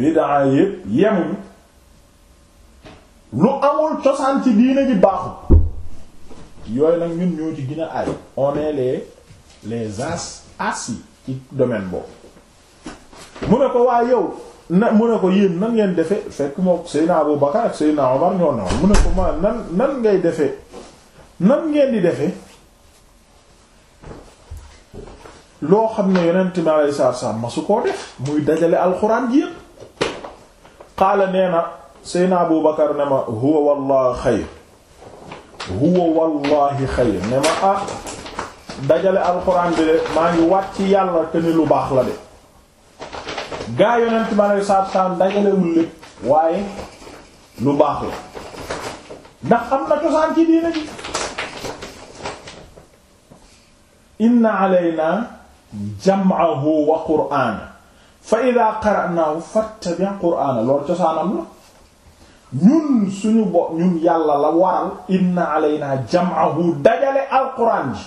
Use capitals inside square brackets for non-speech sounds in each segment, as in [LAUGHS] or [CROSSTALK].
bid'a yépp yemuñu lu amul cosaan ci diine ji baaxul yooyu nag ñun ñoo ci gën a ay on est les les as assis ci domaine boobu mu ne ko waa yow na mu ne ko yéen nan ngeen defe fekk moo Seydina Abu Bakar ak Seydina Omar ñoo ne mu ne ko ma nan nan ngay defe nan ngeen di defe loo xam ne yonent mi alayhi salaatu ma su koo def muy dajale alxuraan ji yépp qaala nee na seyna abu bakar ne ma huwa wallahi xayr huwa wallahi xayr ne ma ah dajale alxuraan bi de maa ngi wàcc yàlla te ni lu baax la de gaa yonent ma lay saab saab dajalewul lépp waaye lu baax la ndax am na cosaan ci diina ji inna alayna jam'ahu wa qur'ana fa ida qara'naahu fattabi' qur'aana loolu cosaanam la ñun suñu bopp ñun yàlla la waral inna alaynaa jam'ahu dajale alquran ji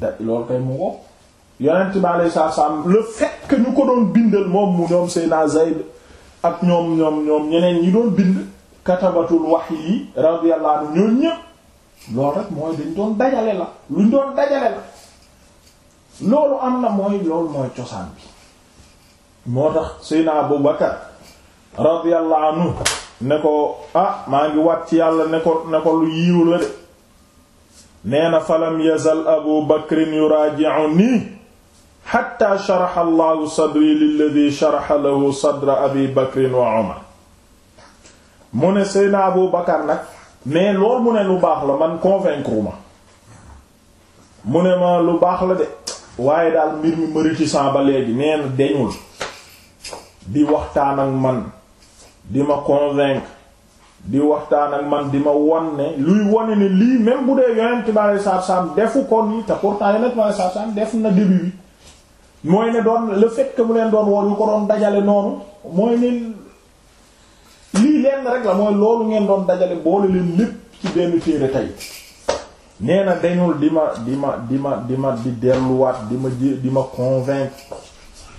da loolu kay mu ngo yonent bi alayhi salaam le fait que ñu ko doon bindal moom mu ñoom Seydina Zayd ak ñoom ñoom ñoom ñeneen ñi doon bind katabatul wahyi yi radiyallahu anhu ñoon ñëpp loolu rek mooy dañ doon dajale la luñ doon dajale la loolu am na mooy loolu mooy cosaan bi moo tax Seydina Abu Bakar radiyallahu anhu ne ko ah maa ngi wat yàlla ne ko ne ko lu yiiw la de nee na falam yazal Abu Bakrin yuraaji'uni xatta sharaxa allahu sadri lilladi sharaxa lahu sadra abi bakrin wa omar mu ne seyna abu bakar nag mais loolu mu ne lu baax la man convaincre ma mu ne ma lu baax la de waaye daal mbir mi mérite ba léegi nee deñul di waxtaan ak man di ma convaincre di waxtaan ak man di ma won ne luy wone ni lii même bu dee yonent bi alei satu salaam defu ko nii te pourtant yonent bi alei satu salaam def na début bi mooy ne doon le fait mu leen doon woo ñu ko doon dajale noonu mooy ne lii lenn rek la mooy loolu ngeen doon dajale boole leen lépp ci benn téere tey nee na dañul di ma di ma di ma di ma di delluwaat di ma di ma convaincre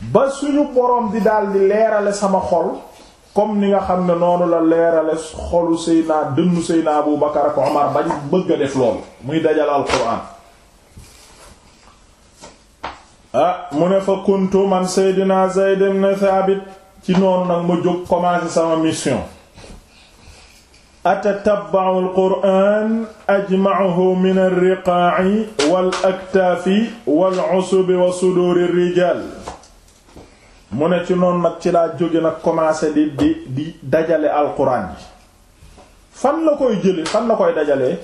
ba suñu boroom di daal di leerale sama xol comme ni nga xam ne noonu la leerale xolu Seydina dënnu Seydina Abu Bakar ak Omar bañ bëgg def loolu muy dajal alquran ah mu ne fa kuntu man Seydina Zayd ibn Thabit ci noonu nag ma jóg commencer sama mission atatabba'u alquran ajma'uhu min ar-riqa'i wal aktaafi wal 'usbi wa suduri rijal mu ne ci noonu nag ci laa jóge nag commencé di di di dajale alxuraan ji fan la koy jële fan la koy dajalee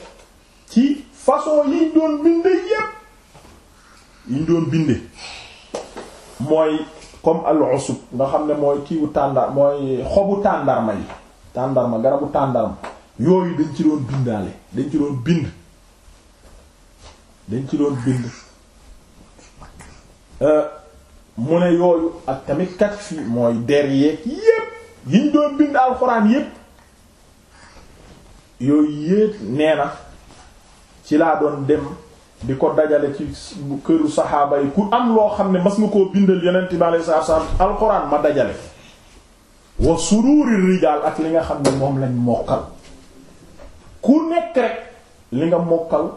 ci façon yiñ doon binde yépp yiñ doon binde mooy comme al nga xam ne mooy kiiwu tàndar mooy xobu tàndarma yi tàndarma garabu tàndarma yooyu dañ ci doon bindaale dañ ci doon bind dañ ci doon bind euh, mu ne yooyu ak tamit kat fi mooy der yeeg yépp yiñ doon bind alxuraan yépp yooyu yépp nee na ci laa doon dem di ko dajale ci këru saxaaba yi ku am loo xam ne mas nga koo bindal yeneen bi alayhi salaatu salaam alxuraan ma dajale wa suruuri rijaal ak li nga xam ne moom lañ mokkal ku nekk rek li nga mokkal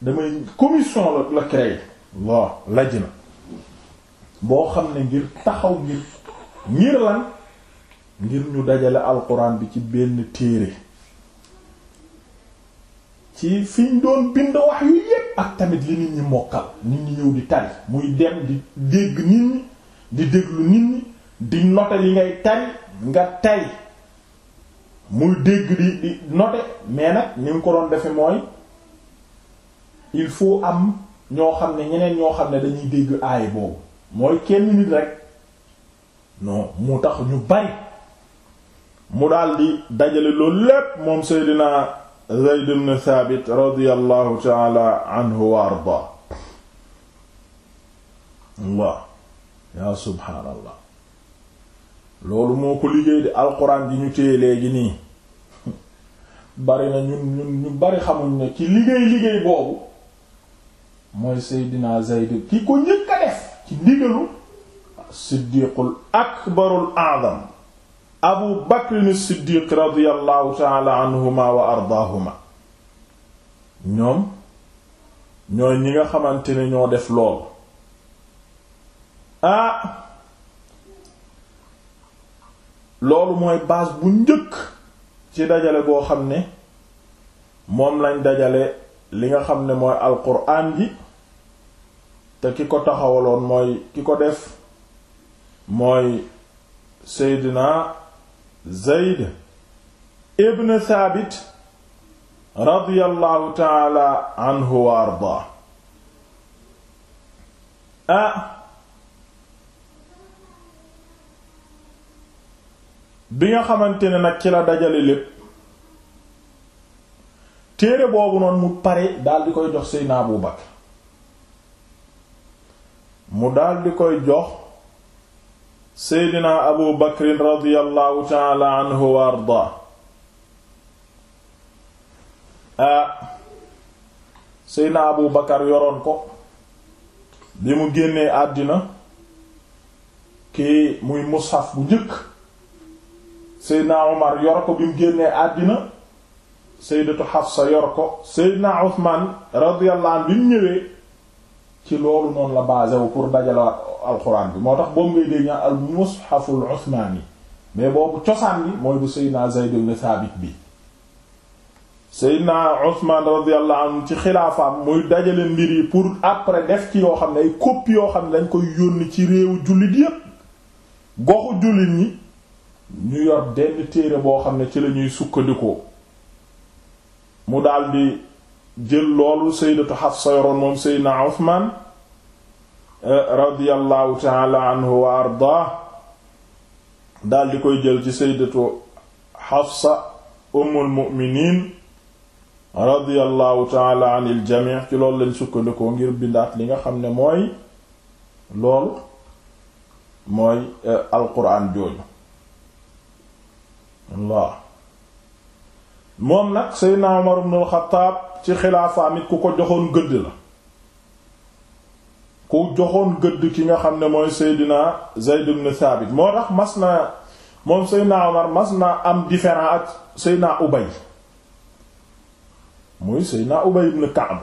damay commission la la créé waaw lajj na boo xam ne ngir taxaw ngir ngir lan ngir ñu dajale alquran bi ci benn téere ci fiñ doon bind wax yu yépp ak tamit li nit ñi mokkal nit ñi ñëw di tari muy dem di dégg nit ñi di déglu nit ñi di note li ngay tari nga tari muy dégg di di note mais ni nga ko doon defe mooy il faut am ñoo xam ne ñeneen ñoo xam ne dañuy dégg aay boobu mooy kenn nit rek non mu tax ñu bari mu daldi dajale loolu lépp moom seydina Zayd ibn Thabit radiyallahu ta'ala anhu wa ardaa Allah ya subhaanallah loolu moo ko liggéey di alxuraan ji ñu téye léegi nii bari na ñun ñu bari xamuñ ne ci liggéey liggéey boobu mooy seydina Zayd ki ko njëkk def ci ndigalu siddiqul akbarul a'zam abu bakrin siddiq radiyallahu ta'ala anhuma wa ardaahuma ñoom ñooy ñi nga xamante ne ñoo def loolu ah loolu mooy base bu njëkk ci dajale boo xam ne moom lañ dajale li nga xam ne mooy alquran yi te ki ko taxawaloon mooy ki ko def mooy seydina zeyd ibn thabit radiyallahu taala anhu wa ardaa ah bi nga xamante ne nag ci la dajale lépp téere boobu noonu mu pare daal di koy jox seydina abu bakar mu daldi koy jox seydina abu bakrin radiyallahu taala anhu wa ardaa a seydina abu bakar yoroon ko bi mu génnee àddina kii muy mushaf bu njëkk seydina umar yor ko bi mu génnee àddina seydatu xafsa yor ko seydina uthman radiyallahu bi mu ñëwee ci loolu noonu la basé wu pour dajala alxuraan bi moo tax boobu ngay dégg ñaa al mushaful yi mais boobu cosaan bi mooy bu Seydina Zayd ibn Thabit bi Seydina Usmaan radiyallahu anhu ci xilaafaam muy dajale mbir yi pour après def ci yoo xam ne ay copie yoo xam ne dañ koy yónni ci réewu jullit yépp goxu jullit ñi ñu yor denn téere boo xam ne ci la ñuy sukkandikoo mu daldi jël loolu sayyidatu Hafsa yoroon moom sayyidina Uthman eh, radiyallahu ta'ala anhu wa ardaa daal di koy jël ci sayyidatu Hafsa ummul mu'minin radiyallahu ta'ala anil jami' ci loolu lañ sukkandikoo ngir bindaat li nga xam ne mooy loolu mooy eh, alquran jooju moom nag sayyidina Umar ibn al-Khattab ci xilaafaam it ku ko joxoon gëdd la ku joxoon gëdd ki nga xam ne mooy Seydina Zayd ibn Thabit moo tax mas na moom Seydina Omar mas na am différent ak Seydina Ubay muy Seydina Ubay ibn Ka'b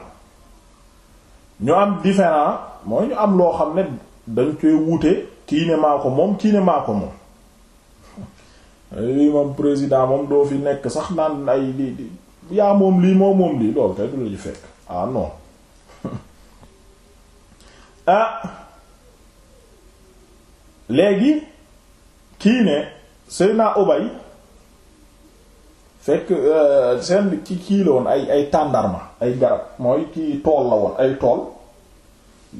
ñu am différent mooy ñu am loo xam ne dañ koy wuute kii ne moom kii ne maa ko moom lii [LAUGHS] moom président moom doo fi nekk sax naan ay di di yaa moom lii moo moom lii loolu kay du la ci fekk ah non [LAUGHS] ah léegi kii ne Seydina Ubay fekk euh, seen ci kii la woon ay ay tàndarma ay garab mooy kii tool la woon ay tool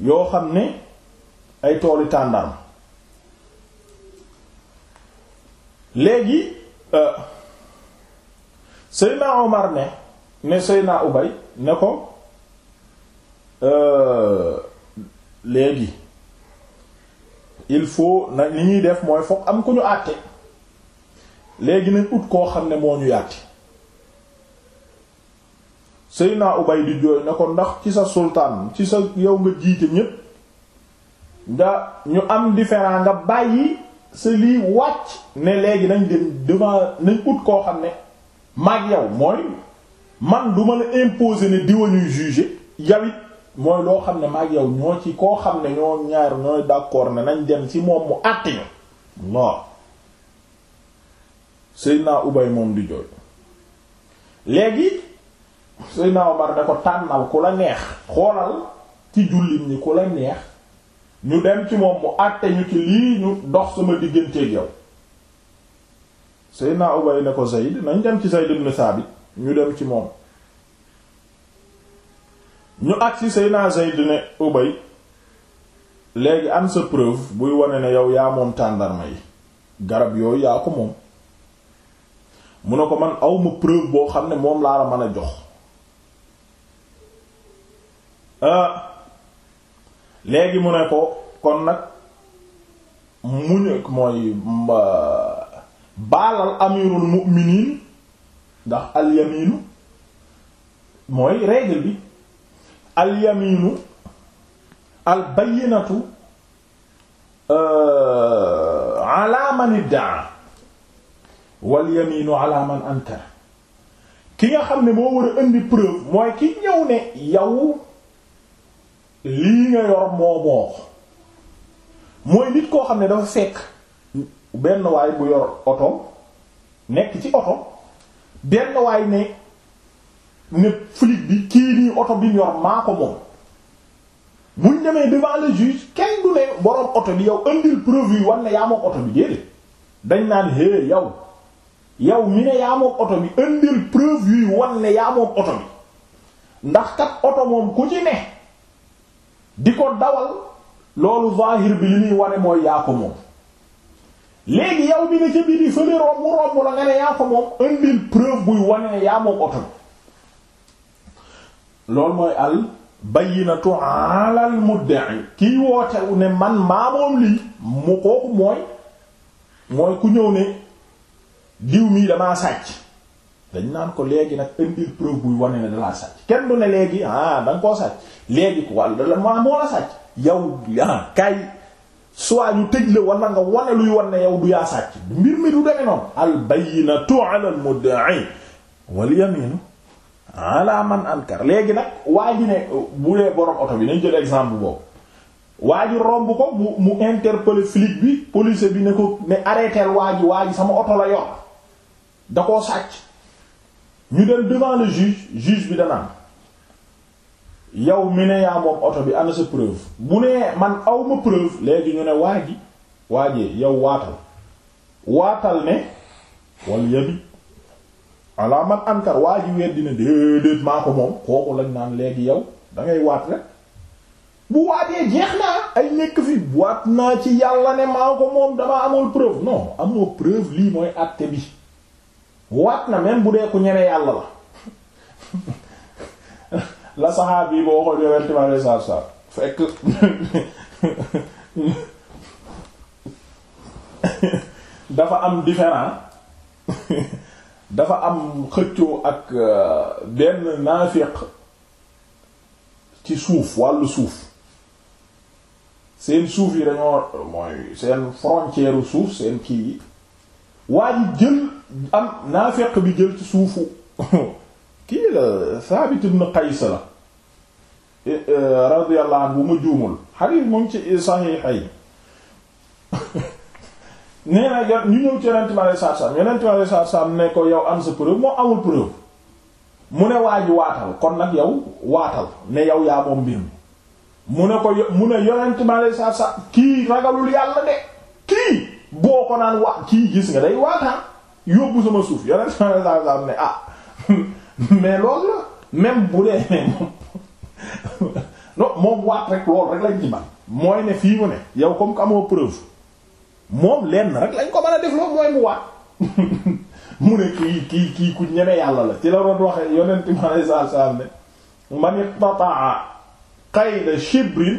yoo xam ne ay tooli tàndarma léegi. Euh, Seydina Omar ne ne Seydina Ubay ne ko euh, léegi il faut nag li ñuy def mooy foog am ku ñu àtte léegi nañ ut koo xam ne moo ñu sëy Seydina Ubay di jooy ne ko ndax ci sa sultaan ci sa yow nga jiite ñépp nga ñu am différent nga bàyyi sa lii wàcc ne léegi nañ dem devant nañ ut koo xam ne mag yow mooy man du ma la imposer ne diwa ñuy juger yow it mooy loo xam ne maag yow ñoo ci koo xam ne ñoo ñaar ñooy d'accord ne nañ dem ci moom mu àtt ñu waaw Seydina Ubay moom di jooy léegi Seydina Omar ne ko tànnal ku la neex xoolal ci jullit ñi ku la neex ñu dem ci moom mu àtte ñu ci lii ñu dox sama digganteeg yow Seydina Ubay ne ko Zayd nañ dem ci Zayd ibn Thabit ñu dem ci moom ñu agsi Seydina Zayd ne Ubay léegi am sa preuve buy wone ne yow yaa moom tàndarma yi garab yooyu yaa ko moom mu ne ko man awma preuve boo xam ne moom laa la mën a jox ah, léegi mu ne ko kon nag muñ mooy baalal amirul mu'minin ndax alyaminu mooy règle bi alyaminu albayinatu euh, ala man iddaa walyaminu ala ki nga xam ne moo war a indi preuve mooy ki ñëw ne yow lii nga yor moo moox mooy nit koo xam ne dafa fekk benn waay bu yor oto nekk ci oto benn waay ne ne flic bi kii nii oto bi mu yor maa ko moom buñ demee devant le juge kenn du ne boroom oto bi yow indil preuve yi war ne yaa moom oto bi déedéet dañ naan hé yow yow mi ne yaa moom oto bi indil preuve yuy wan ne yaa moom oto bi ndax kat oto moom ku ci ne di ko dawal loolu zahir bi li muy wane mooy yaa ko moom léegi yow bi nga ca biir yi fële romb romb la nga ne yaa ko moom indil preuve buy wane ne yaa moom oto loolu mooy al bayyinatu ala al mudda'i kiy wootewu ne man maa lii mu kooku mooy mooy ku ñëw ne diw mii damaa sàcc dañ naan ko léegi nag indil preuve buy wane ne dalaa sàcc kenn du ne léegi ah da koo sàcc léegi ku wàll da moo la sàcc yow ah kay soit ñu tëj la wala nga wane luy wan ne yow du yaa sàcc mbir mi du demee noonu al bayyinatu ala al mudda'i wal yaminu ala man ankar léegi nag waa ne bu dee borom oto bi nañ jël exemple boobu waa ji romb ko mu mu interpeller flic bi police bi ne ko ne arrêteel waa ji waa sama oto la yor da koo sàcc ñu dem devant le juge juge bi danaan yow mi ne yaa moom oto bi ana sa preuve bu nee man aw ma preuve léegi ñu ne waa ji waajee yow waatal waatal ne wal yabi ala man ankar waa ji weer dina déedéet maa ko moom kooku lañ naan léegi yow da ngay waat rek bu waatee jeex naa ay nekk fi waat naa ci yàlla ne maa ko moom damaa amul preuve non amoo preuve lii mooy àtte bi waat na même bu dee ku ñeme yàlla la [LAUGHS] la saxaab yi boo waxoon yonent bi alayhi fekk dafa am différent dafa am xëccoo ak euh, benn naafiq ci suuf wàllu suuf seen suuf yi dañoo mooy seen frontière suuf seen kii yi waa ji jël am naafiq bi jël ci suufu kii la Saabit ibn Qays la eh, eh, radiyallahu anhu bu ma juumul xadiis moom ci saxiixa yi [LAUGHS] nee na jot ñu ci yonent bi aleyhi salaatu salaam yonent bi aleyhi salaatu salaam ne ko yow am sa preuve moo amul preuve mu ne waa waatal kon nag yow waatal ne yow yaa moom mbir mi mu ne ko mu ne yonent bi aleyhi salaatu salaam kii ragalul yàlla de kii boo ko naan waa kii gis nga day waataan yóbbu sama suuf yonent bi aleyhi salaatu salaam ne ah [LAUGHS] mais loolu la même bu dee moom moom waat rek loolu rek lañ ci man mooy ne fii mu ne yow comme que amoo preuve moom lenn rek lañ ko mën a def loolu mooy mu waat [LAUGHS] mu ne kii kii ku ñeme yàlla la ci la doon waxee yonent mi alei salatu salaam ne man iqtataa qayda shibrin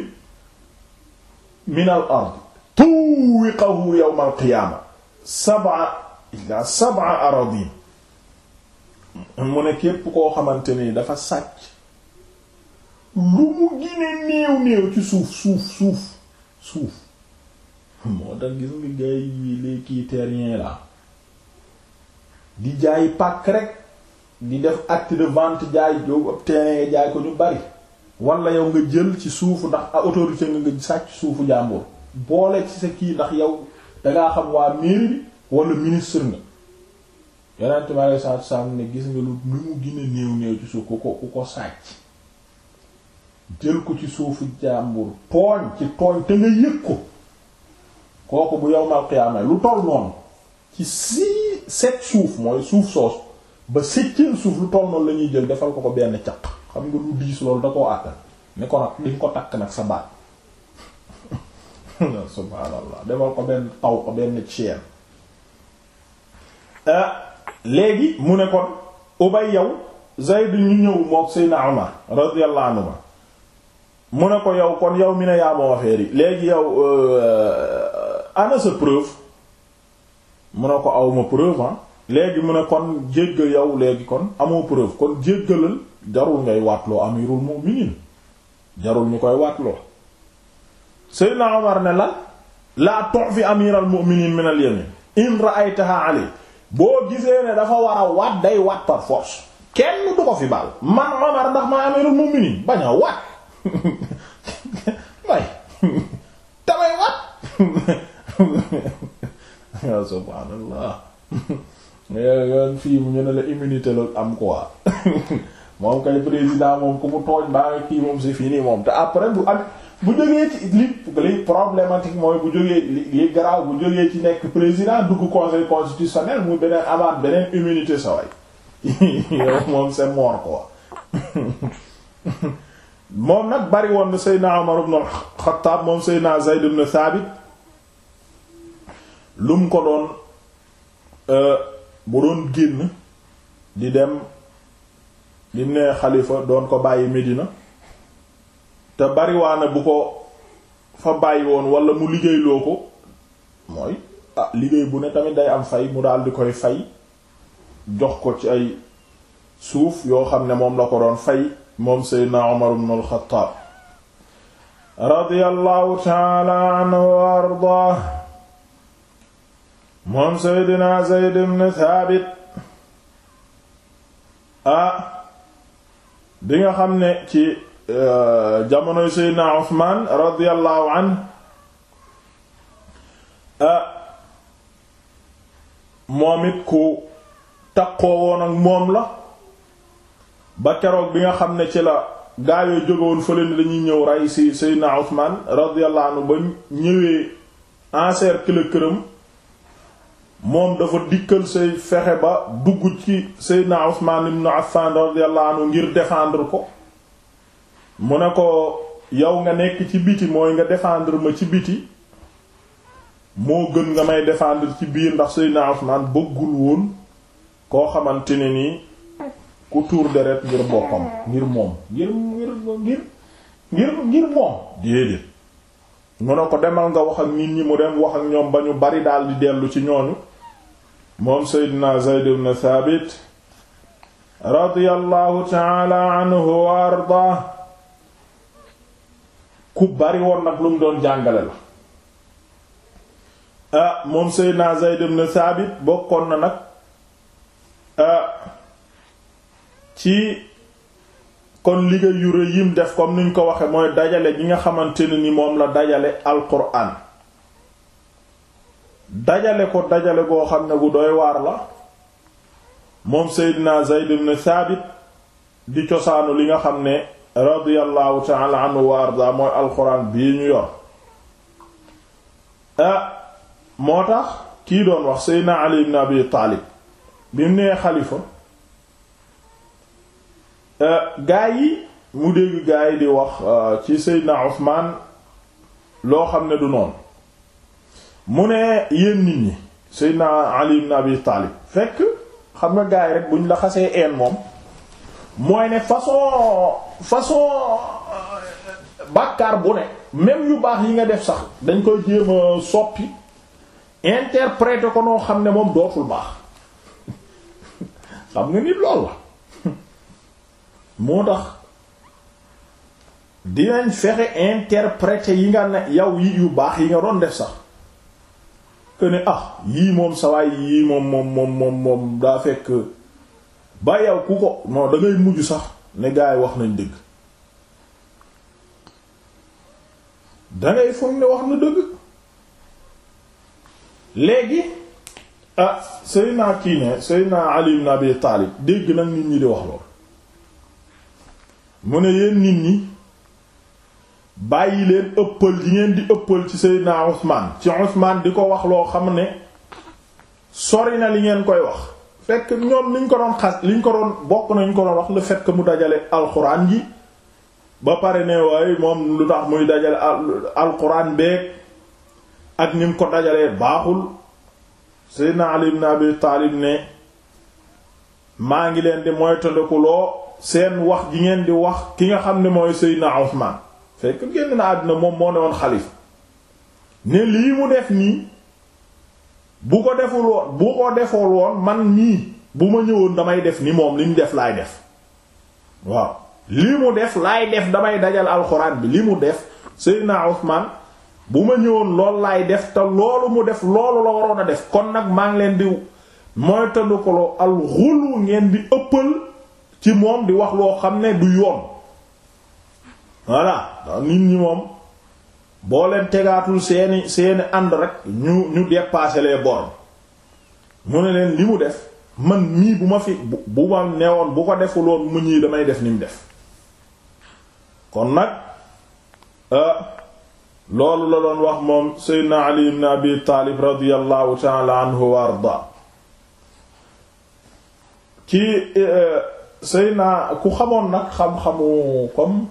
min al ard tuwiqahu yawm al qiyaama sab'a ila sab'a aradin mu ne képp koo xamante ne dafa sàcc lu mu gine néew néew ci suuf suuf suuf suuf moo tax gis nga gars yi les kii terrien la di jaay pàkk rek di def at de vente jaay yow ab terrain jaay ko ñu bari wala yow nga jël ci suuf ndax autorité nga nga sàcc suufu jàmbur boole ci sa kii ndax yow dangaa xam waa mairie bi ministre nga yonent bi alei salatu salaam ne gis nga lu nu mu gën a néew néew ci suuf ku ko ku ko sàcc jël ko ci suufu jàmbur tooñ ci tooñ te nga yëg ko kooku bu yowmal qiyaama lu toll noonu ci sii set suuf mooy suuf soosu ba sécceel suuf lu toll noonu lañuy jël defal ko ko benn caq xam nga lu diis loolu da koo àttal ni ko nag diñ ko takk nag sa baat [LAUGHS] subhaanallah defal ko benn taw ko benn chaîne ah, léegi mu ne kon ubay yow Zayd ñu ñëw mook Seydina Umar radiyallahu anhu mu ne ko yow kon yow mi ne yaa moom affaire léegi yow euh, ana sa preuve mu ne ko awma preuve ah léegi mu ne kon jéggal yow léegi kon amoo preuve kon jéggalal jarul ngay waatloo amirul mu'minin jarul ñu koy waatloo Seydina Umar ne la laa tu'fi amiral mu'minin min al yamin in ra'aytaha alayhi boo gisee ne dafa war a waat day wat par force kenn du ko fi baal man Omar ndax ma amirul mu'minin bañ a waat [LAUGHS] way tamay [LAUGHS] waat [LAUGHS] ya subhaanallah eh, yoon fii mu ñu ne la immunité loolu am quoi moom kay président moom ku mu tooñ baa kii moom si fii nii moom te après bu am bu jógee ci li li problématique mooy bu jógee li li garaaw bu jógee ci nekk président dugg conseil constitutionnel mu beneen amaat beneen immunité sa way yow moom c'est mort quoi moom nag bari woon na Seydina Omar ibn al-Khattab moom Seydina Zayd ibn Thabit lu mu ko doon euh, bu doon génn di dem li nee xalifa doon ko bàyyi Medina te bu ko fa bàyyi woon walla mu liggéeyloo ko mooy ah liggéey bu ne tamit day am fay mu daal di koy fay jox ko ci ay suuf yoo xam ne moom la ko doon fay moom Seydina Omar ibn al-Khattab radiyallahu ta'ala ah, nga xam ne ci Euh, jamonoy Seydina Usmaan radiyallahu anhu euh, moom it ku takkoo woon ak moom la ba keroog bi nga xam ne ci la gaayoo jógowoon fële ni dañuy ñëw rey si Seydina Usmaan radiyallahu anhu ba ñëwee kilo këram moom dafa dikkal say fexe ba dugg ci Seydina Usmaan ibn Affan radiyallahu anhu ngir defandre ko mu ne ko yow nga nekk ci biti mooy nga défendre ma ci biti moo gën nga may défendre ci biir ndax Seydina Usmaan bëggul woon koo xamante ne nii ku tuur deret ngir boppam ngir moom ngir ngir ngir ngir moom déedéet mu ne ko demal nga wax ak nit ñi mu dem wax ak ñoom ba ñu bari daal di dellu ci ñooñu moom Seydina Zayd Thabit radiyallahu ta'ala anhu wa ku bari woon nag lu mu doon jàngale la ah moom Seydina Zayd na Thabit bokkoon na nag ah ci kon liggéey yu rëy yim def comme niñ ko waxe mooy dajale gi nga xamante ne ni moom la dajale alquran dajale ko dajale boo xam ne gu doy waar la moom Seydina Zayd ibn Thabit di cosaanu li nga xam ne radiyallahu ta'ala anhu wa arda mooy alxuraan bii ñu yor ah moo tax kii doon wax seydna ali ibn abi taalib bi mu nee xalifa ah, gaa yi mu dégg gaa yi di wax ah, ci seydna usmaan loo xam ne du noonu mu ne yéen nit ñi seydna ali ibn taalib fekk xam nga gaa yi buñ laxasee xasee een moom mooy ne façon façon euh, bàkkaar bu ne même yu baax yi nga def sax dañ koy jéem a soppi interpréter ko noo xam ne moom dootul baax xam nga nit lool la moo tax dinañ fexe interpréter yi nga ne yow yi yu baax yi nga doon def sax que ne ah yii moom sawaay yii moom moom moom moom moom daa fekk ba yow ku ko non da mujj sax ne gaay wax nañ dëgg dangay foog ne wax na dëgg léegi ah Seydina kii ne Seydina Ali ibn Taalib dégg nag nit ñi di wax lool mu ne yéen nit ñi bàyyi leen ëppal yi ngeen di ëppal ci Seydina Usmaan ci Usmaan di ko wax loo xam ne sori na li ngeen koy wax fekk ñoom liñ ko doon xas liñ ko doon bokk nañu ko doon wax le fait que mu dajale alxuraan ji ba pare ne waaye moom lu tax muy dajale alxuraan beeg ak ni mu ko dajalee baaxul Seydina Ali ibn Abi Taalib maa ngi leen di moytandikuloo seen wax ji ngeen di wax ki nga xam ne mooy Seydina Usmaan fekk génn na àddina moom moo ne woon xalifa ne lii mu def nii bu ko deful woon bu ko defoo woon man nii bu ma ñëwoon damay def ni moom li mu def laay def waaw li mu def laay def damay dajal alxuraan bi li mu def Seydina Usmaan bu ma ñëwoon lool laay def te loolu mu def loolu la waroon a def kon nag maa ngi leen di mooy tëndu ko alxulu ngeen di ëppal ci moom di wax loo xam ne du yoon voilà nit ñi moom boo leen tegaatul seeni seeni ànd rek ñu ñu dépasser les bornes mu ne leen li mu def man mii bu ma fi bu ma neewoon bu ko defuloon mu ñii damay def ni mu def kon nag euh, loolu la doon wax moom naa ali ibn abi taalib radiallahu taala anhu wa arda ci euh, naa ku xamoon nag xam-xamu comme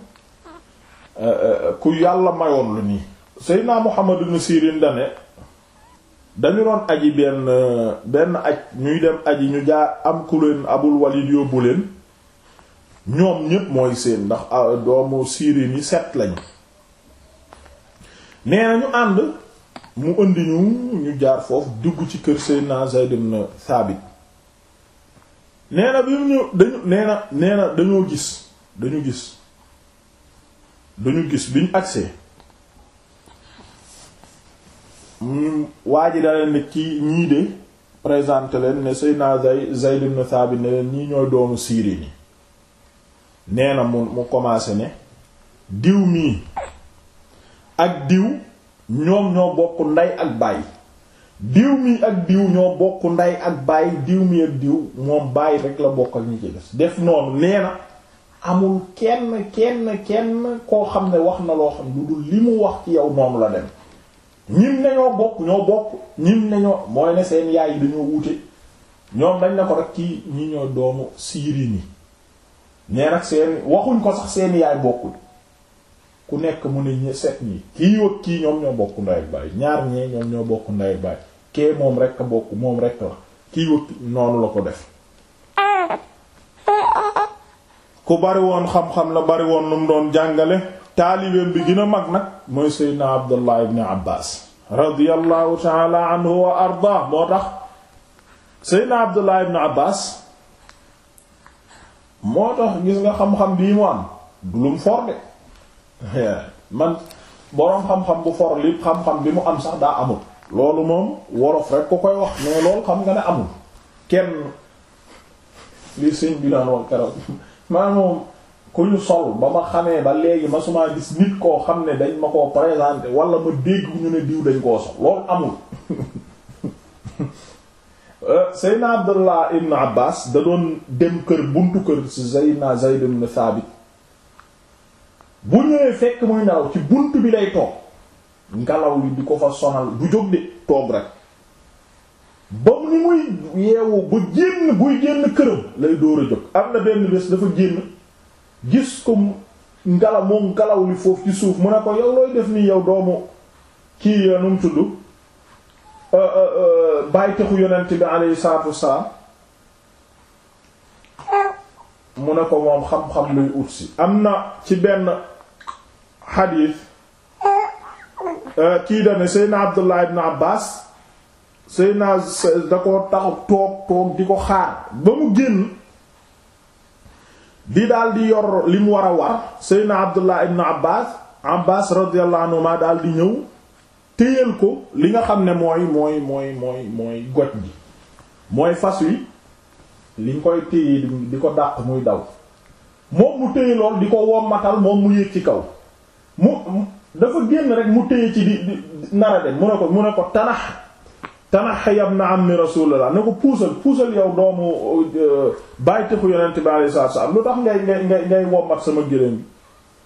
Euh, euh, ku yàlla mayoon lu nii Seydina Muhammad ibn Sirin dane dañu doon aji benn benn aj ñuy dem aji ñu jaar am ku leen Abul Walid yóbbu leen ñoom ñépp mooy seen ndax ah, doomu Sirin yi set lañu nee na ñu ànd mu indi ñu ñu jaar foofu dugg ci kër Seydina Zayd ibn Thabit nee na bi ñu dañu nee na nee na dañoo gis dañu gis dañu gis biñ agsee waa ji da leen ne ñii de présenté leen ne Seydina Zayd Zayd ibn Thabit ne leen ñii ñooy doomu Siiri ni nee na mu mu commencé ne diw mii ak diw ñoom ñoo bokk ndey ak baay diw mii ak diw ñoo bokk ndey ak baay diw mii ak diw moom baay rek la bokk ak ñi ci des def noonu nee na amul kenn kenn kenn koo xam ne wax na loo xam ne lu dul li mu wax ci yow noonu la dem ñim ne ñoo bokk ñoo bokk ñim ne ñoo mooy ne seen yaay yi dañoo wuute ñoom dañ ne ko rek kii ñi ñoo doomu siirin yi nee nag seen ko seen yaay bokkul ku nekk mu ne set ñi kii wëg kii ñoom ñoo bokk ndey baay ñaar ñee ñoom ñoo bokk ndey baay kee moom rekk a bokk moom rek la kii wëg noonu la ko def ku bari woon xam-xam la bari woon nu mu doon jàngale taalibeem bi gën mag nag mooy seydna abdullah ibni abbas radiyallahu taala anhu wa arda moo tax seydna abdullah ibni abbas moo tax gis nga xam-xam bii mu am [LAUGHS] bu for li xam bi mu am sax daa amul loolu moom worof rek ku koy wax mais loolu xam nga ne amul kenn li sëñ bi daan [LAUGHS] maa moom ku sol ba ma xamee ba léegi masuma gis nit koo xam ne dañ ma koo présenté wala ma dégg ñu ne diw dañ koo sol loolu amul [LAUGHS] euh, Seydina Abdullah ibn Abbas da doon dem kër buntu kër ci Seydina Zayd ibn Thabit bu ñëwee fekk muy nelaw ci bunt bi lay toog ngelaw li di ko fa sonal du jóg de toog rek ba mu ni muy yeewu bu génn buy génn këram lay dóor a jóg am na benn bés dafa génn gis ko ngelaw moom ngelaw li foofu ci suuf mu ne ko yaw looy def nii yow doomu kii ya euh, nu mu tudd euh, euh, bàyyi texu yonent bi alayhi salaatu wassalaam mu ne ko moom xam-xam luy ut si am na ci benn xadiis kii dane Seydina Abdullah ibn Abbas sëy naa da ko taxaw toog toog di ko xaar ba mu génn di daal di yor li mu war a war sëy na Abdullah ibn Abbas Abbas radiyallahu anhuma daal di ñëw téyal ko li nga xam ne mooy mooy mooy mooy mooy goj gi mooy fas wi li nga koy téye di ko dàq muy daw moom mu téye lool di ko wommatal moom mu yéeg ci kaw mu dafa génn rek mu téye ci di nara dem mu ne ko mu ne ko tanax Tanaxxa ibn ammi Rasulullah ne ko puusal puusal yow doomu euh, bàyyi tëxu yonent bi alayhi salaatu salaam lu tax ngay ngay ngay wommat sama gëléem bi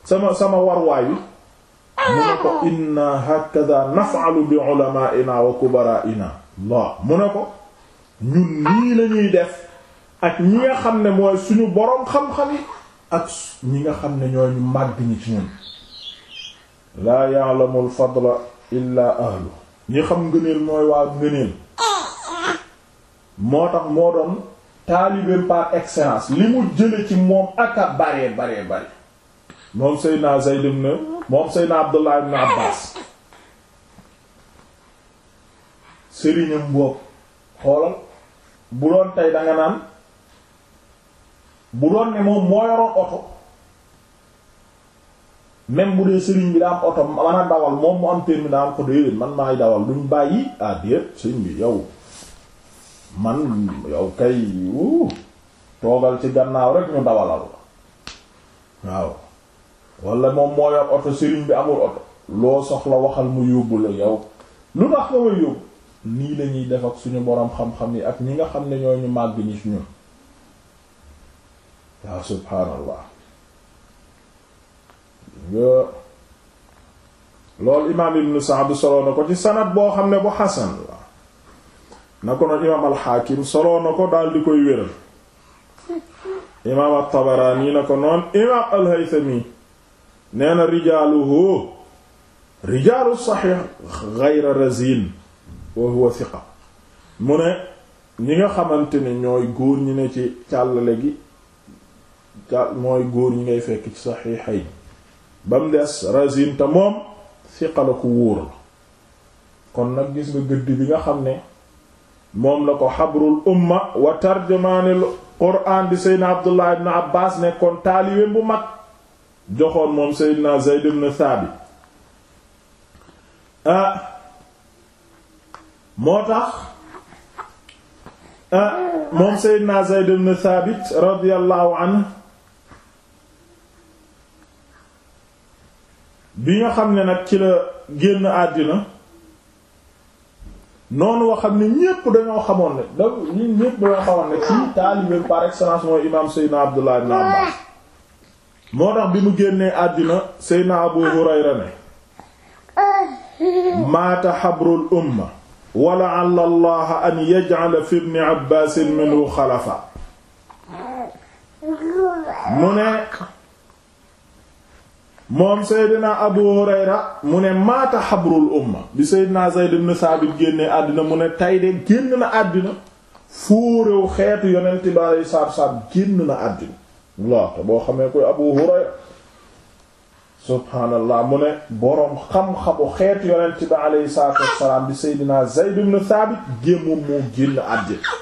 sama sama warwaay wi mu ne ko inna hakaza naf'alu bi ulama'ina mu ne ko ñun nii lañuy def ak ñi nga xam ne mooy suñu boroom xam-xam yi ak ñi nga xam ne ñooy ñu màgg ñi ci ñun la ya'lamu al-fadla ahlu ñi xam ngëneel mooy waa ngëneel moo tax moo doon taalibe par excellence li mu jële ci moom ak a baree baree bare moom Seydina Zayd ibn moom Seydina Abdullah ibn Abbas sëriñam boobu xoolal bu doon tey danga naan bu doon ne moom moo yoroon oto même bu dee sëriñ bi daa oto man a dawal moom mu am permis am ko déedéet man maay dawal duñ bàyyi ah déet sëriñ bi yow man yow kay wuu ci gannaaw rek ñu dawalal la waaw wala moom moo yor oto sëriñ bi amul oto loo soxla waxal mu yóbbu la yow lu tax nga may yóbbu nii lañuy def ak suñu boroom xam-xam yi ak ñi nga xam ne ñoo ñu màgg ñi ci ñun yaa loolu imaam ibn Sa'd soloo ko ci sanad boo xam ne bu xasan la na ko noonu imaam alxaakim soloo ko daal di koy wéral imaam at-Tabaraani na ko noonu imaam al-Haythami nee na rijaaluhu rijaalu saxiix gayra razin wa huwa thiqa mu ne ñi nga xamante ne ñooy góor ñi ne ci càllale gi mooy góor ñi ngay fekk ci saxiixay ba mu des razin te moom siqala ku wóor la kon nag gis nga gëdd bi nga xam ne moom la ko xabrul umma wa tarjumaanil quraan di seydna abdullah ibn abbas nekkoon taalibe bu mag joxoon moom seydna zayd ibn ah, moo tax ah, moom seydna zayd ibn thabit radiyallahu bi nga xam ne nag ci la génn àddina noonu wax xam ne ñépp dañoo xamoon ne da ñun ñépp par excellence mooy imaam Seydina Abdullah ibn Abbas moo tax bi mu génnee àddina Seydina Abu Hurayra ne maata xabrul umma wala allah an yaj'ala fi ibn Abbas xalafa mu ne moom Seydina Abu Hurayra mu ne maata xabrul umma bi Seydina Zayd ibn Saabit génnee àddina mu ne tey de génn na àddina fóoréw xeetu yonent bi alei saab génn na àddina waaw te boo xamee koy Abu Hurayra subhaanallah mu ne boroom xam-xamu xeetu yonent bi aleyhi salatu wassalaam bi Seydina Zayd ibn Saabit gémmum moo génn àddina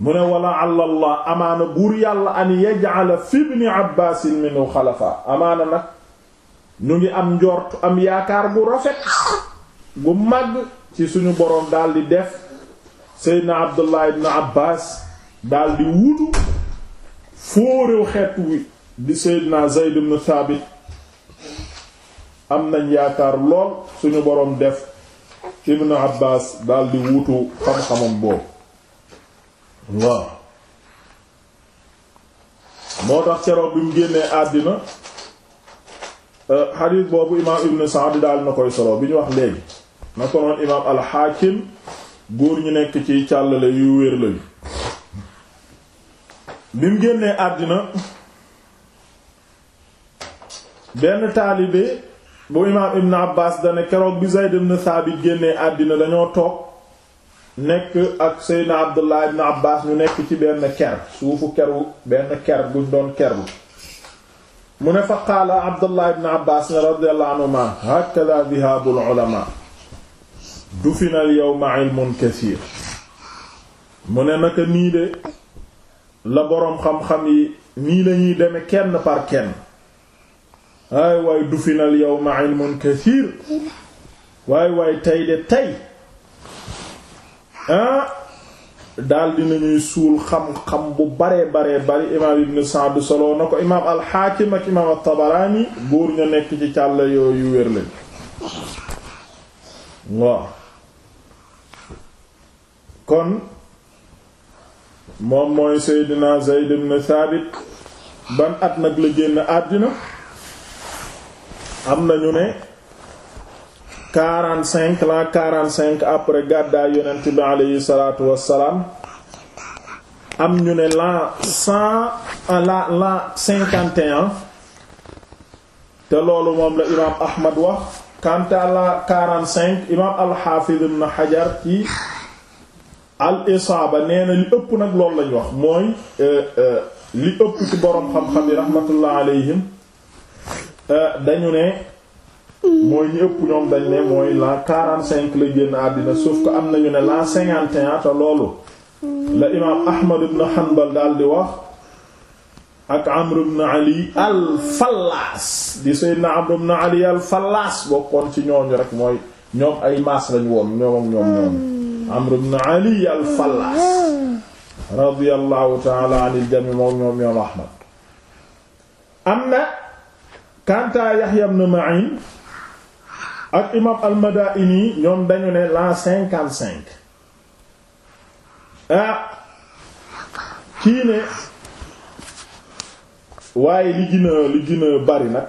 mu ne wala allah amaana buur yàlla an yaj'ala fi ibn Abbaas minhu xalafa amaana nag ñu ngi am njort am yaakaar bu rafet bu màgg ci suñu boroom daal di def seydna abdullah ibn abbas daal wutu fóoréw xeet wi di seydna zayd ibn thabit am nañ yaakaar lool suñu boroom def ibn abbas daal di wutu xam-xamam boobu waaw moo tax ceroog bi mu génnee àddina Euh, xadiis boobu imaam ibn Sa'd daal na koy solo bi ñu wax léegi na ko noon imaam al góor ñu nekk ci càllale yu wér lañu bi mu génnee àddina benn taalibe bu imaam ibn Abbas dane keroog bi Zayd ibn Thabit génnee àddina dañoo toog nekk ak Seydina Abdullah ibn Abbas ñu nekk ci benn ker suufu keru benn ker buñ doon kerlu mu ne fa qaala abdullah ibn abbas radiyallahu anhuma hakada dihaabul ulama dufina al yawma kasiir mu ne naka nii de la boroom xam-xam yi nii lañuy deme kenn par kenn waay waay dufina al yawma ilmun kasiir waay waay tey de tey ah daldi dinañuy suul xam-xam bu baree baree bari imaam ibn Sa'd solo na ko imaam al ak imaam at-Tabarani buur ñu nekk ci càll yooyu wér lañ kon moom mooy Seydina Zayd ban at nag la génn àddina am nañu ne 45 la 45 après gàddaay yonent bi aleyhi salaatu wassalaam am ñu ne l'an 100 la l'an te loolu moom la imaam Ahmad wax quant à l'an 45 imaam al-Hafiz ibn Hajar ci al-Isaaba nee li ëpp nag loolu lañ wax mooy euh, euh, li ëpp ci boroom xam-xam yi rahmatullah euh, dañu ne. mooy ñu ëpp ñoom dañ ne mooy la 45 la génn àddina sauf que am nañu ne la 51 te loolu la imaam Ahmad ibn Hanbal daal di wax ak Amr ibn Ali al Fallaas di Seydina Amr ibn Ali al Fallaas bokkoon ci ñooñu rek mooy ñoom ay maas lañ woon ñoom ñoom ñoom am na kanta Yahya ibn Ma'in ak imam al-Madaini ñoom dañu ne l'an cinquante cinq ah kii ne waaye li gën li gën bari nag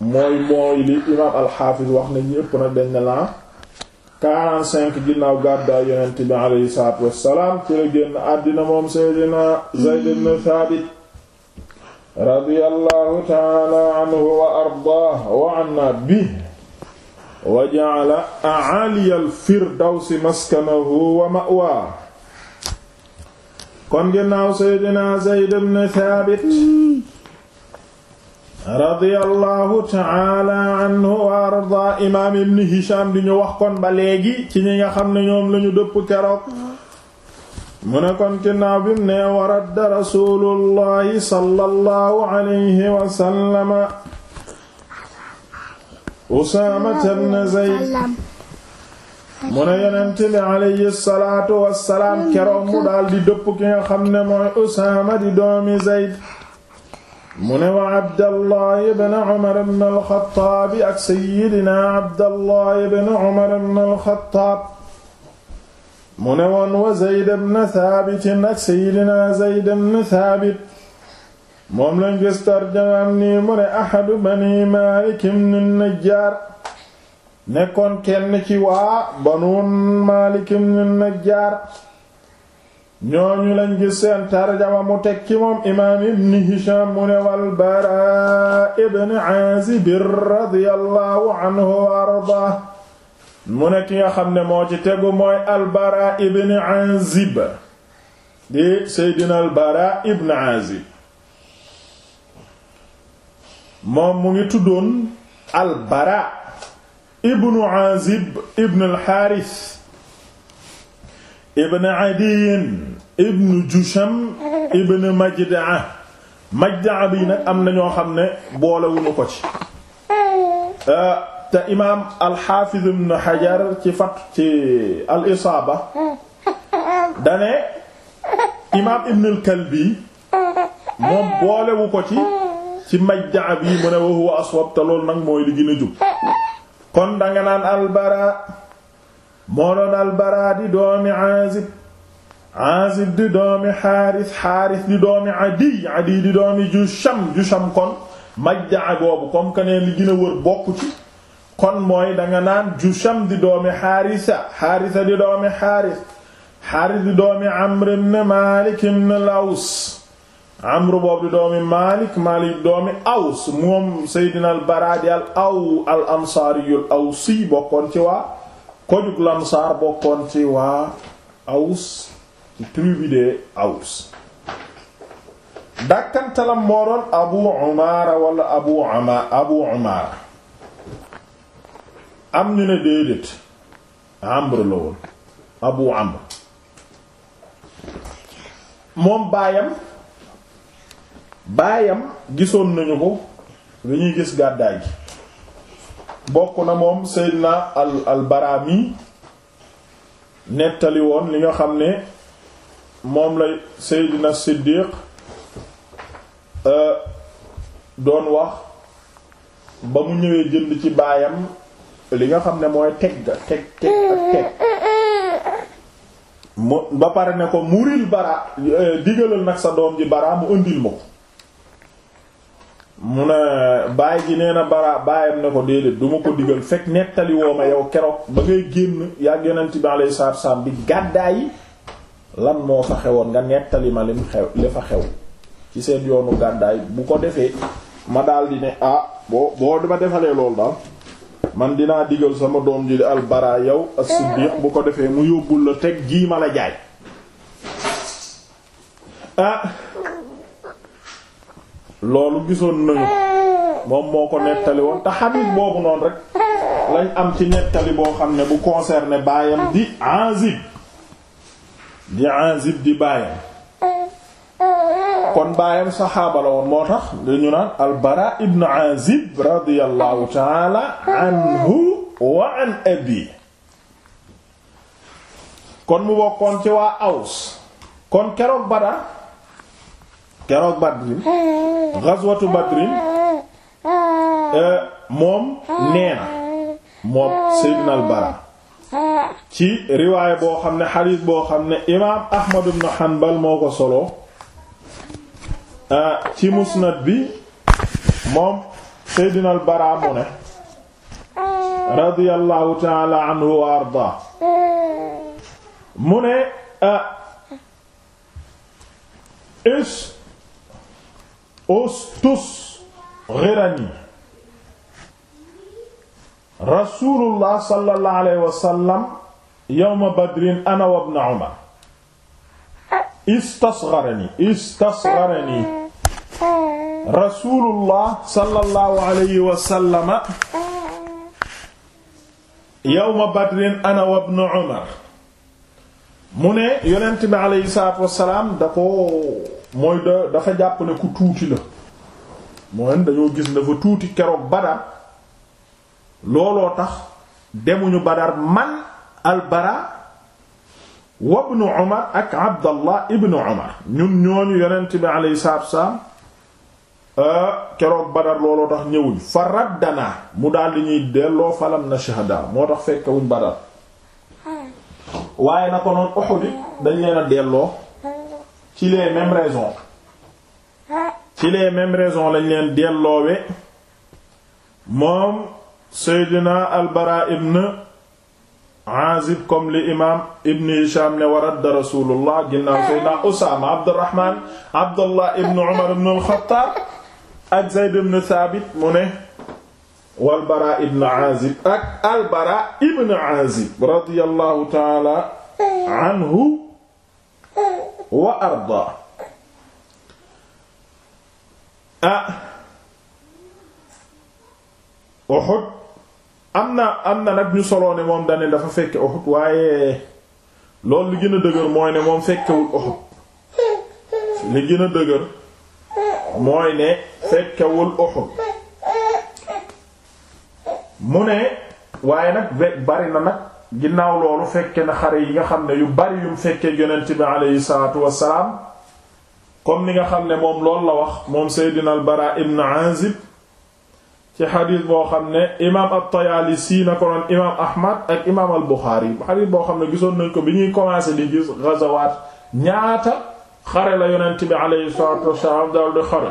mooy mooy li imam al-Hafiz wax ne ñépp nag dañ ne l'an quarante cinq ginnaaw gàddaay yonent bi aleyhi salaatu wassalaam ci la génn àddina moom Seydina Zayd ibn Thabit radiyallahu wa ardaah wa anna bi wa ja'ala a'ali al-firdawsi maskanahu wa ma'waa kon ginnaaw seydina Zayd ibn Thaabit radiyallahu ta'ala anhu wa arda imaam ibn Hisham di wax kon ba léegi ci ñi nga xam ne ñoom lañu dëpp keroog mu ne kon ginnaaw bi mu ne wa radda rasuulullahi sallallahu alayhi wa sallama Usaama ibn Zayd mu ne yonent bi alayhi salaatu wassalaam keroog mu daldi dëpp ki nga xam ne mooy Usaama di doomi Zayd mu ne wa Abdallahi ibn Umar ibn al-Xattaab ak Seyyidina Abdallahi ibn Umar ibn al-Xattaab mu ne woon wa Zayd ibn Thaabit ak Seyyidina Zayd ibn Thaabit moom lañ gis tarjamaam nii mu ne ahadu bani maalik ibnu najjaar nekkoon kenn ci waa banu maalik ibnu najjaar ñooñu lañ gis seen tarjama mu teg ci moom imaam ibni hisham mu ne wal bara ibn aazib radiyallahu anhu wa arda mu ne ki nga xam ne moo ci tegu mooy al bara ibn aazib di seydina al bara ibn aazib moom mu ngi tuddoon albara ibnu azib ibn alxaaris ibn adiyin ibn jusham ibn majdaa majdaa bi nag am na ñoo xam ne boolewuñu ko ci euh, te imaam alxaafiz ibn xajar ci fat ci al isaaba imaam ibn alkalbi moom boolewu ko ci ci majjaa bi mu ne wa aswab te loolu nag mooy li gën a jub kon danga naan albara moo doon albara di doomi azib azib di doomi xaaris xaaris di doomi adiy adiy di doomi jusham jusham kon majjaa boobu comme que ne li gën a wër bokk ci kon mooy danga naan jusham di doomi xaarisa xaarisa di doomi xaaris xaaris di doomi amr ibn malik amru boobu di doomi maalik maalik doomi aws am ñu ne déedéet amru la woon abu amr moom baayam baayam gisoon nañu ko li ñuy gis gàddaay gi bokk na moom Seydina al al Barami nettali woon li nga xam ne moom la na Siddiq euh, doon wax ba mu ñëwee jënd ci baayam li nga xam ne mooy teg teg teg ak teg mu ba pare ne ko muril bara euh, digalal nag sa doom ji bara mu ëndil ma ko mu ne baay ji nee na bara baayam ne ko déedéet du ma ko digal fekk nettali woo ma yow keroog ba ngay génn yàgg yonent bi alayhi salaatu wassalaam bi gàddaay lan moo fa xewoon nga nettali ma lim xew li fa xew ci seen yoonu gàddaay bu ko defee ma daal di ne ah boo boo dama defalee loolu daal man dinaa digal sama doom ji di al bara yow as-Siddiq bu ko defee mu yóbbul la teg jii ma la jaay ah, loolu gisoon nañu moom moo ko nettali woon te xadiis boobu noonu rek lañ am ci nettali boo xam ne bu concerné baayam di Azib di Azib di baayam kon baayam saxaaba la woon moo tax dañu naan al-Bara ibn Azib radiyallahu ta'ala anhu wa an abi kon mu bokkoon ci waa Aws kon keroog Badar keroog badrin ghazwatu badrin eh, eh, moom nee na moom Seydina al Bara ci riwaay boo xam ne xadiis boo xam ne imaam Ahmad ibn Hanbal moo ko solo eh, ci musnad bi moom Seydina al Bara mu ne radiyallahu mu ne is ustus xirani rasulullah sallallahu alayhi wa sallam yawma badrin ana wa ibn umar istasgarani istasgarani rasulullah sallallahu alayhi wa sallam yawma badrin ana wa ibn umar mu ne yonent bi alayhi salaatu wa salaam da ko mooy da dafa jàpp ne ku tuuti la mooy dañoo gis dafa tuuti keroog Badar looloo tax demuñu Badar man al-Bara wa ibnu Umar ak Abdallah ibnu Umar ñun ñooñu yonent bi alayhi salaatu wasalaam euh, keroog Badar looloo tax ñëwuñ fa raddanaa mu daal di ñuy delloo falam na shahada moo tax fekkewuñ Badar waaye na ko noon Uhud dañ leen a delloo ci les mêmes raisons ci les mêmes raisons lañ leen delloowe moom Seydina Al-Bara ibn Azib comme li imaam Ibn Hisham ne waradda Rasulullah ginnaaw Seydina Usaama Abdurrahman Abdullah ibn Umar ibn al-Khattab ak Zayd ibn Thabit mu ne wal Bara ibn Azib ak Al-Bara ibn Azib radiyallahu ta'ala anhu wa arda ah Uhud am na am na nag ñu soloo ne moom dane dafa fekke Uhud waaye loolu li gën a dëgër mooy ne moom fekkewul Uhud li gën a dëgër mooy ne fekkewul Uhud mu ne waaye nag bari na nag ginnaaw loolu fekke na xare yi nga xam ne yu bari yum fekkee yonent bi aleyhi salaatu wassalaam comme ni nga xam ne moom loolu la wax moom seydina al bara ibn azib ci xadis boo xam ne imaam at-Tayaalisi na ko noon imaam ahmad ak imaam al buxaari xadis boo xam ne gisoon nañ ko bi ñuy commencé di gis gazawaat ñaata xare la yonent bi aleyhi salaatu wassalaam dal di xare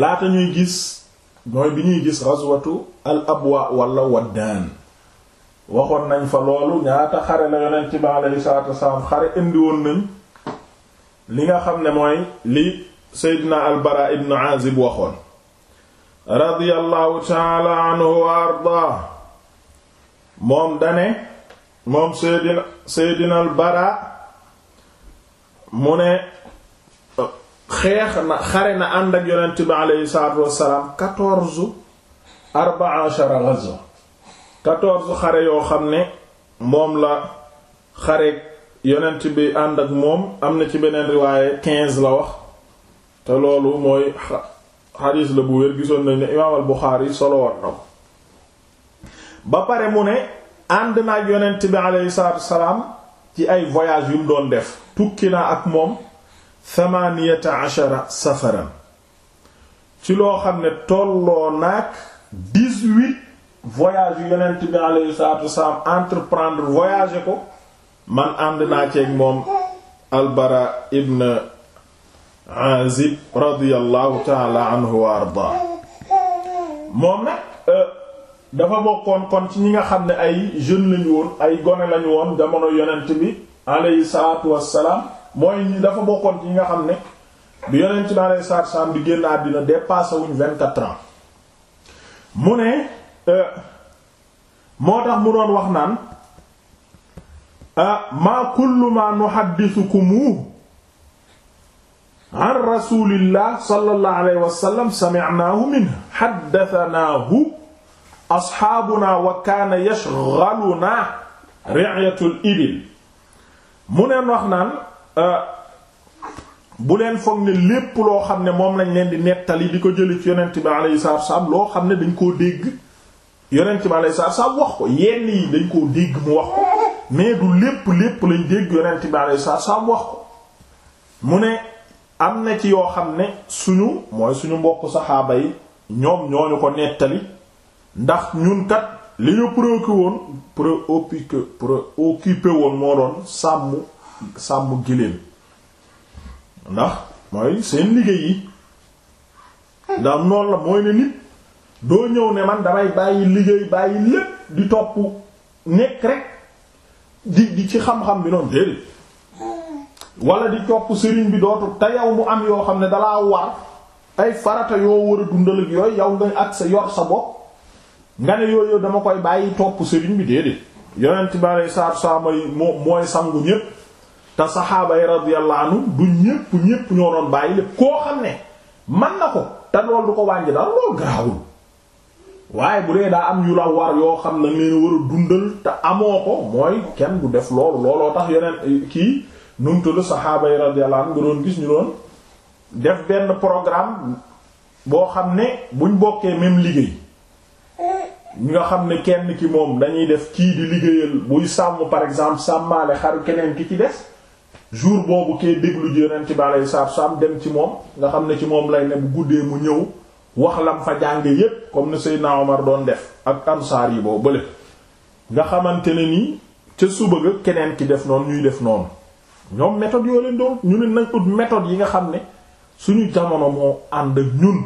laata ñuy gis mooy bi ñuy gis gazwatu al abwa wala waddaan waxoon nañ fa loolu ñaata xare na yonent bi alayhi salaatu wasalaam xare indi woon nañ li nga xam ne mooy li Seydina Al-Bara ibn waxoon radiyallahu taala anhu wa ardaa moom dane moom Seydina Seydina Al-Bara mu ne xeex na xare na ànd ak yonent bi alayhi salaatu wasalaam quatorze arba'a ashara ghazwa quatorze xare yoo xam ne moom la xare yonent bi ànd ak moom am na ci beneen riwaaye quinze la wax te loolu mooy xadiis la bu wér gisoon nañ ne imaam al Buxaari solowoon na ba pare mu ne ànd naa ak yonent bi aleyhi salaatu salaam ci ay voyage yu doon def tukki naa ak moom thamaniyata ashara ci loo xam ne tolloo naag dix-huit voyage yu yonent bi alayhi salaatu wasalaam entreprendre voyage ko man ànd naa ceeg moom albara ibn azib radiyallahu taala anhu wa ardaa moom nag euh, dafa bokkoon kon ci ñi nga xam ne ay jeune lañu woon ay gone lañu woon jamono yonent bi alayhi salaatu wasalaam mooy ñi dafa bokkoon ci ñi nga xam ne bi yonent bi alayhi salaatu wasalaam bi génn àddina dépassé wuñ vingt-quatre ans mu ne Euh, moo tax mu doon wax naan euh, maa kullu ma nuhaddithukumu an rasulillah sallallahu alayhi wa sallam sami'nahu minhu haddathanaahu asxaabuna wa kaana yashghaluna ri'yatul ibil mu neen wax naan euh, bu leen foog ne lépp loo xam ne moom lañ leen di nettali di ko jëli ci yonent bi alayhi salaatu wa loo xam ne dañ koo dégg yonent bi alayhi salaatu salaam wax ko yenn yi dañ koo dégg mu wax ko mais du lépp lépp lañ dégg yonent bi alayhi salaatu salaam wax ko mu ne am na ci yoo xam ne suñu mooy suñu mbokk saxaaba yi ñoom ñooñu ko nettali ndax ñun kat li ñu préoccupé woon préoccupé préoccupé woon moo doon sàmm sàmm giléem ndax mooy seen liggéey yi ndax noonu la mooy ne nit doo ñëw ne man damay bàyyi liggéey bàyyi lépp di topp nekk rek di di ci xam-xam bi noonu déedéet wala di topp sëriñ bi dootul te yow mu am yoo xam ne dalaa war ay farata yoo war a dundal ak yooyu yow nga ak sa yor sa bopp nga ne yooyu dama koy bàyyi topp sëriñ bi déedéet yonent bi alei salatu salaam mooy sangu ñépp te saxaaba yi radiyallahu du ñépp ñépp ñoo doon bàyyi lépp koo xam ne man na ko te loolu du ko wàññi daal loolu garaawul waaye bu dee daa am yu la war yoo xam ne leen war dundal te amoo ko mooy kenn du def loolu looloo tax yeneen eh, kii numtulu saxaaba yi radiyallahu anhu nga doon gis ñu doon def benn programme boo xam ne buñ bokkee même liggéey ñu nga xam ne kenn ki moom dañuy def kii di liggéeyal buy sàmm par exemple sàmmaale xar keneen ki ci des jour boobu kee déglu ji yonent bi alayhi salaatu salaam dem ci moom nga xam ne ci moom lay ne bu guddee mu ñëw wax lam fa jàng yépp comme ne Seydina Omar doon def ak ansaar yi boo bële nga xamante ne nii ca suba ga keneen ki def noonu ñuy def noonu ñoom méthode yoo leen doon ñu ne nañ ut méthode yi nga xam ne suñu jamono moo ànd ak ñun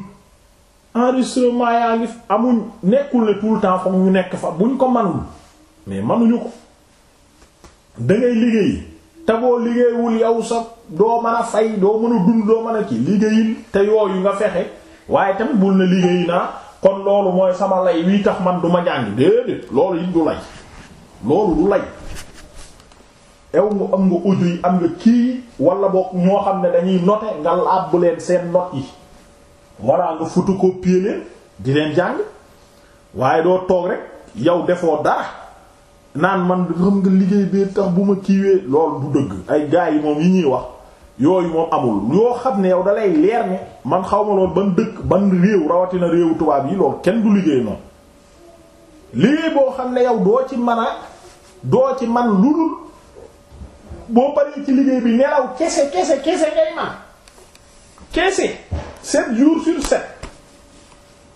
enregistrement yaa ngi amuñ nekkul ne tout le temps foog nekk fa buñ ko manul mais manuñu ko dangay liggéey te boo liggéeyul yow sax doo mën a fay doo mën a dund doo mën a ci liggéeyil te yooyu nga fexe waaye tamit bu na liggéey naa kon loolu mooy sama lay wii tax man duma ma jàng déedéet loolu it du lay loolu du lay ew mu am nga audio yi am nga kii walla boog moo xam ne dañuy noter nga làbb leen seen note yi walla nga photocopier leen di leen jàng waaye doo toog rek yow defoo dara naan man xam nga liggéey bee tax bu ma kiiwee loolu du dëgg ay gaa yi moom yi ñuy wax yooyu moom amul yoo xam ne yow dalay leer ne man xaw ma loolu ban dëkk ban réew rawatina réewu tubaab yi loolu kenn du liggéey noonu liggéey boo xam ne yow doo ci mën a doo ci man lu dul boo paree ci liggéey bi nelaw kese kese kese ngay man kese sept jours sur sept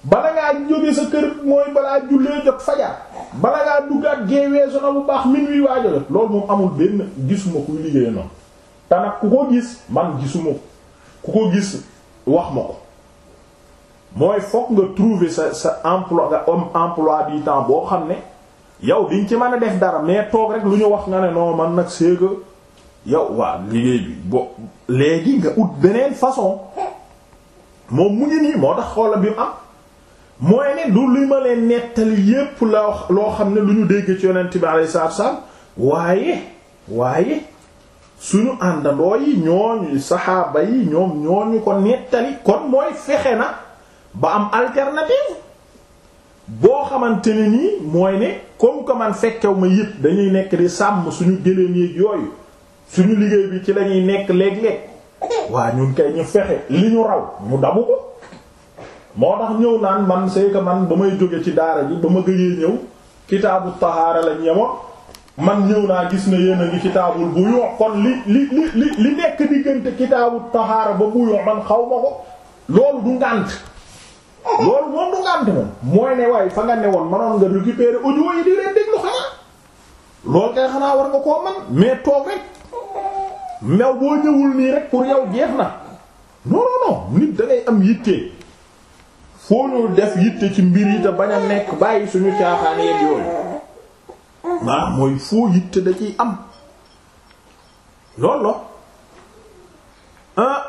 bala ngaa jóge sa kër mooy balaa jullee jot fajar bala ngaa duggaat géewee sono bu baax min wi waajo loolu moom amul benn gisuma kuy liggéey noonu te ku ko gis man gisuma ko ku ko gis wax ma ko mooy fokk nga trouver sa sa emploi nga am emploi temps boo xam ne yow diñ ci mën a def dara mais toog rek lu ñu wax nga ne non man nag c'est yow waa liggéey bi bo léegi nga ut beneen façon moom mu ngi nii moo tax xoola bi mu am mooy ne du li ma leen nettali yépp la loo xam ne lu ñu dégg ci yonent bi alayhi salaatu wa waaye waaye suñu àndandoo yi ñooñu saxaaba yi ñoom ñooñu ko nettali kon mooy fexe na ba am alternative boo xamante ni nii mooy ne comme que man fekkew ma yëpp dañuy nekk di sàmm suñu gëléem yi yooyu suñu liggéey bi ci lañuy nekk léeg-léeg waa ñun kay ñu fexe li ñu raw ñu dabu ko moo tax ñëw naan man c'est que man ba may jóge ci daara ji ba ma gëjee ñëw kitaabu tahaara lañ yemoon man ñëw naa gis ne yéen a ngi kitaabul buyu kon li li li li li nekk diggante kitaabul tahaara ba buyu man xaw ma ko loolu du ngànt loolu moom du ngànt moom mooy ne waaye fa nga ne woon manoon nga récupérer audio yi di leen déglu xanaa loolu kay xanaa war nga koo man mais toog rek mew boo ñëwul nii rek pour yow jeex na non nit da am yitte foo ñu def yitte ci mbir yi te bañ a nekk bàyyi suñu caaxaan yeen ah mooy foo yitte da ciy am loolu la ah.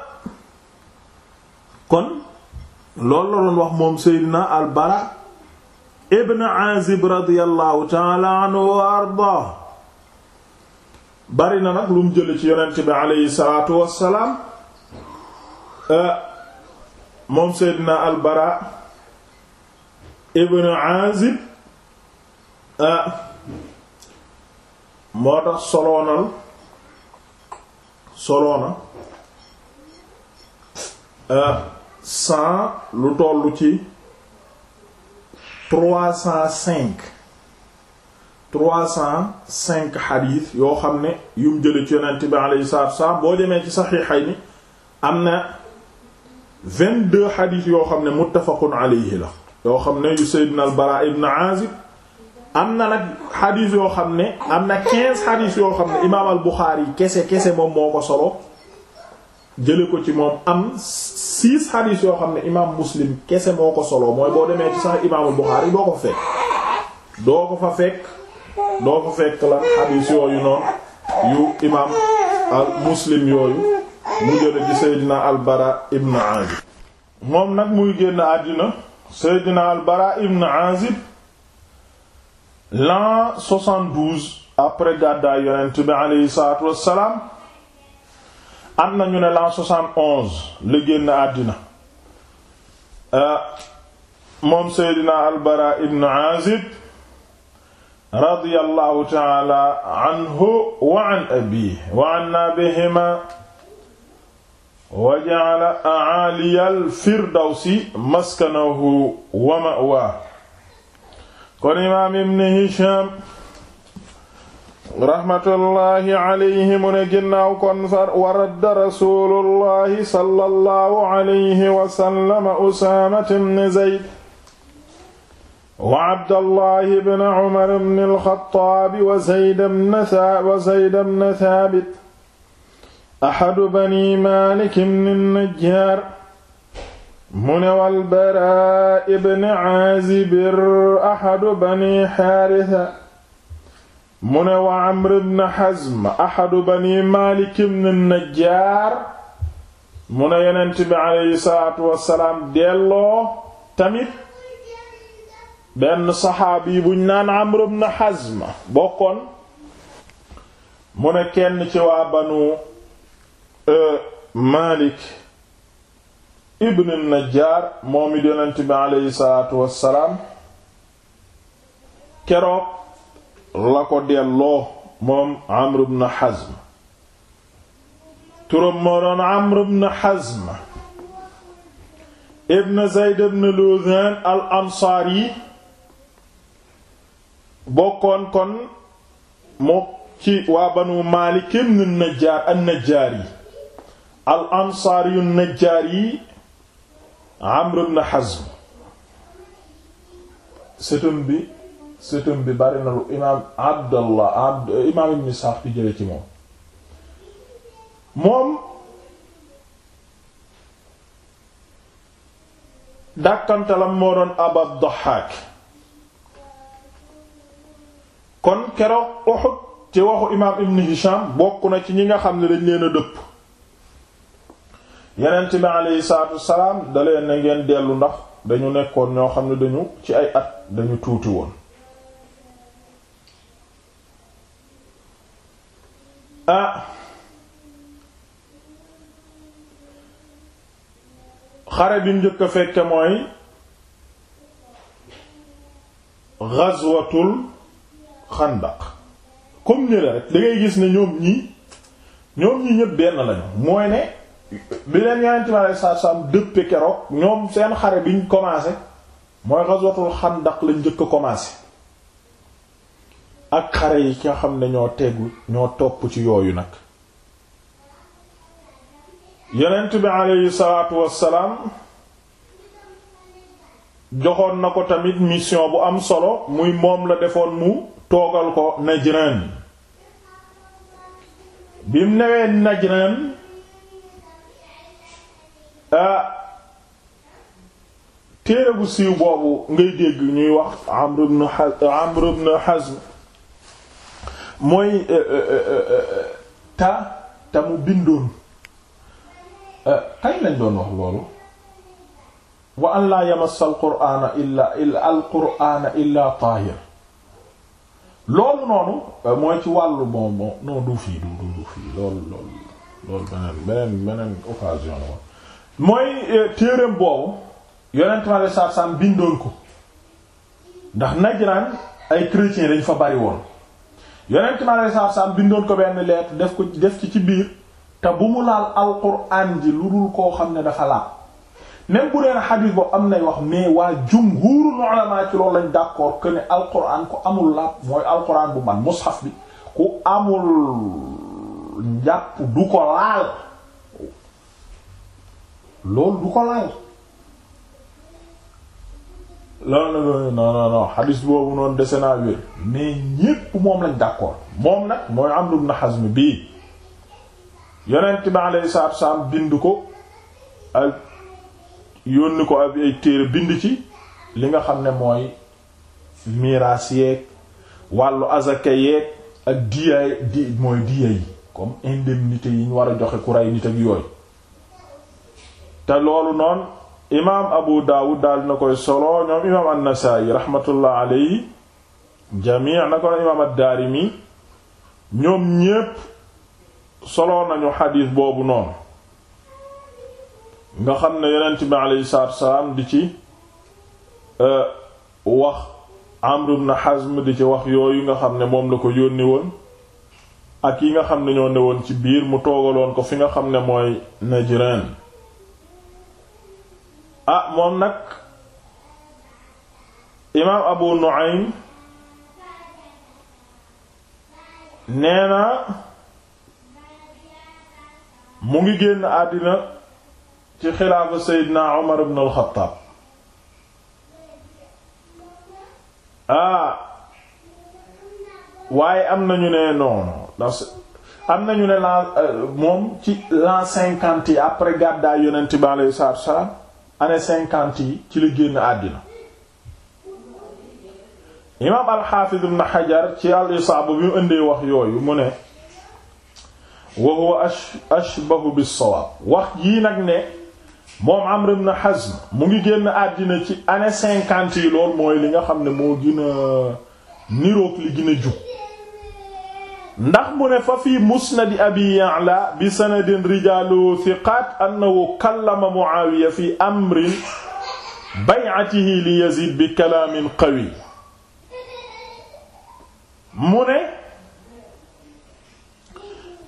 kon lool la doon wax moom Seydina al-Bara ibn Azib radiyallahu ta'ala anhu wa ardaa bari na nag lu mu ci yonent bi aleyhi salaatu wassalaam ah. moom Seydina al-Bara ibn Azib ah. moo tax soloonal soloona euh, cent lu tollu ci trois cent cinq trois cent cinq xadiis yoo xam ne yum jële ci yonent bi alayhi salaatu wassalaam boo demee ci saxiixayni am na vingt-deux xadiis yoo xam ne muttafaqun alayhi la yoo xam ne yu Seydina al-Bara ibn Azib am na nag xadiis yoo xam ne am na quinze xadiis yoo xam ne imaam al Buxaari kese kese moom moo ko solo jële ko ci moom am six xadiis yoo xam ne imaam Muslim kese moo ko solo mooy boo demee ci sax imaamul Buxaari doo ko fekk doo ko fa fekk la xadiis yooyu noonu yu imaam al Muslim yooyu mu jële ci Seydina al Bara ibn Azib moom nag muy génn àddina Seydina al Bara ibn Azib l'an 72 après gàddaay yonent bi aleyhi salaatu wassalaam am nañu ne l'an 71 génn àddina euh, moom seydina albara ibn azib radiyallahu taala anhu wa an abihi wa anna bihima wa ja'ala a'aliyal firdawsi maskanahu wa ma'waahu kon imaam ibn Hisham rahmatullahi alayhi mu ne ginnaaw kon far wa radda rasulullahi sallallahu alayhi wa sallam Usaama ibn Zayd wa Abdullahi ibn Umar ibn al-Khattaab wa Zayd ibn Thaabit wa Zayd ibn Thaabit ahadu bani Maalik ibn an-Najjaar mune ne walbara ibn aazibir ahadu bani xaarisa mu ne wa amr ibn hazm ahadu bani maalik ibn najjaar mu ne bi aleyhi salaatu wassalaam delloo tamit benn saxaabi buñ naan amr ibn hazm bokkoon mu kenn ci waa banu euh, maalik ibn najjaar moom it yonent bi aleyhi salaatu wassalaam keroog la ko delloo moom amr ibn hazm turam ibn hazm ibn zayd ibn luzan al bokkoon kon moo ci waa banu maalik ibn najjaar an najjaari al ansaari an najjaari Amr ibn Hazm sëtëm bi sëtëm bi bari na lu imaam Abdallah imaam ibn Sa'd di jële ci moom moom la moo doon Abad Dahhaak kon keroog Uhud ci waxu imaam ibn Hisham bokk na ci ñi nga xam ne dañ leen a dëpp yonent bi aleyhi salaatu wasalaam ne ngeen dellu ndax dañu nekkoon ñoo xam ne dañu ci ay at dañu tuuti woon ah xare bi jëkk a fekke mooy ghazwatul xandaq comme ni rek da ngay gis ne ñoom ñi ñoom ñi ñëpp benn lañu mooy ne bi leen yonent bi alayhi salaatu salaam dëppe keroog ñoom seen xare biñ commencé mooy ghazwatul xandaq lañ jëkk a commencé ak xare yi nga xam ne ñoo tegu ñoo topp ci yooyu nag yonent bi alayhi salaatu salaam joxoon na ko tamit mission bu am solo muy moom la defoon mu toogal ko Najran bi mu newee Najran Ah, téere bu siiw boobu ngay dégg ñuy wax Amr ibn Hazm mooy eh, eh, eh, ta ta mu bindoon kañ lañ doon wax loolu wa an laa yamassa al qur'ana illa al qur'ana illa tahir loolu noonu mooy ci wàllu bonbon non du fii du du fii loolu loolu loolu beneen beneen beneen occasion la mooy eh, téereem boobu yonent ma leen saab saab bindoon ko ndax Najran ay chrétiens dañ fa bari woon yonent ma leen saab saab bindoon ko benn lettre def ko def ci ci biir te bu mu laal alquran ji lu dul koo xam ne dafa laal même bu dee xadiis boobu am nay wax mais waa jumhuurul ulamaa ci loolu lañ d'accord que ne alquran ku amul laab mooy alquran bu man mushaf bi ku amul njàpp du ko laal loolu du ko laal loolu nag non non non xadis boobu noonu dese naa wér mais ñépp moom lañ d'accord moom nag mooy Amr ibn Hazm bii yonent bi alayhi salaatu salaam bind ko ak yónni ko ak ay téere bind ci li nga xam ne mooy miraas yeeg wàllu azaka yeeg ak diyaay di mooy diya yi comme indemnité yi ñu war a joxe ku rey nit ak yooyu te loolu noon imaam Abu Dawud daal na koy solo ñoom imaam an-Nasaa'i rahmatullah alayhi jamii na ko imaam ad-Daarimi ñoom ñépp solo nañu xadiis boobu noonu nga xam ne yonent bi alayhi salaatu salaam di ci e, wax Amr ibn di ci wax yooyu nga xam ne moom la ko yónni woon ak yi nga xam ne ñoo ne woon ci biir mu toogaloon ko fi nga xam ne mooy Najraan ah moom nag imaam Abu Nu'aym nee na mu ngi génn àddina ci xilaafa Seydina Umar ibn al ah waaye am nañu ne noonu ndax am nañu ne la euh, moom ci l'an cinquante yi après gàddaay yonent bi alayhi salaatu wa salaam année cinquante yi ci la génn àddina imaam alxaafiz ibn xajar ci al isaaba bi mu indee wax yooyu mu ne wa huwa ashbahu bis-sawaab wax yii nag ne moom amr ibn hazm mu ngi génn àddina ci année cinquante yi lool mooy li nga xam ne moo gën a niroog li gën a ndax mu ne fa fii musnadi abi ya'la bi sanadin rijalu thiqat annahu kallama muawiya fi amrin bay'atihi li yazid bi kalaamin qawi mu ne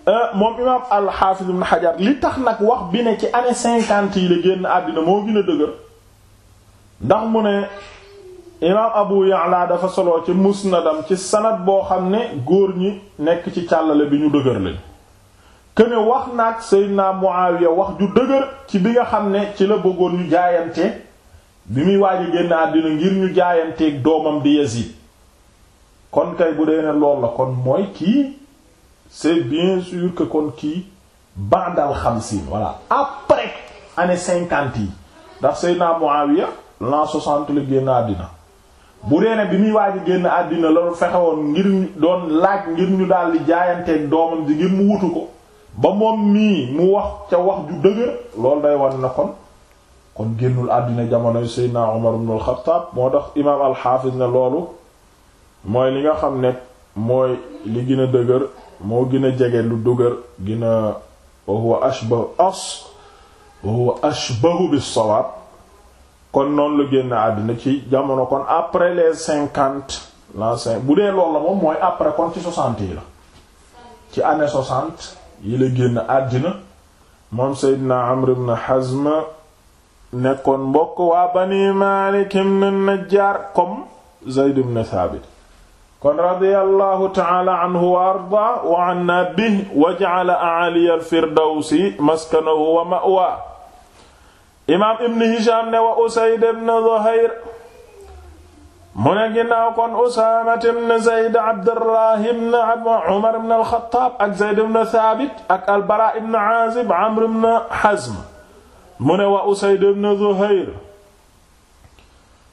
euh, moom imaam alxaafiz ibn xajar li tax nag wax bi ne ci année cinquante la génn àddina moo gën a dëgër ndax mu ne imaam abu ya'la dafa solo ci musnadam ci sanad boo xam ne góor ñi nekk ci càllale bi ñu dëgër lañ këne wax naag seydina muawiya wax ju dëgër ci bi nga xam ne ci la bëggoon ñu jaayante bi muy waaji génn àddina ngir ñu jaayanteeg doomam di yazid kon kay bu dee ne lool la kon mooy kii c'est bien sûr que kon kii bandal xamsiin voilà après année cinquante yi ndax seydina muawiya l'an soixante la génn àddina bu dee bi muy waaj génn àddina loolu fexewoon ngir doon laaj ngir ñu daal di jaayanteeg doomam di ngir mu wutu ko ba moom mii mu wax ca wax ju dëgër loolu day wan na kon kon génnul àddina jamonoy Seydina Umar ibn al-Khattab moo tax imaam al ne loolu mooy li nga xam ne mooy li gën a dëgër moo gën a jege lu dëgër gën a wa huwa as wa ashbahu bis-sawab kon noonu la génn àddina ci jamono kon après les cinquante bu dee loolu la moom mooy après kon ci soixante yi la ci année yi la génn àddina moom Seydina Amr ibn Hazm nekkoon mbokk waa Bani Maalik ibn Najjaar comme Zayd ibn Thaabit kon radiyallahu ta'ala anhu wa arda wa anna bihi wa ja'ala a'ali al-firdawsi maskanahu wa ma'wa imaam ibn hisham ne wa usayd ibn zuhayr mu ne ginnaaw kon usaama ibn zayd abdullah ibn umar ibn alxataab ak zayd ibn thaabit ak albara ibn aazib amr ibn hazm mu ne wa usayd ibn zuhayr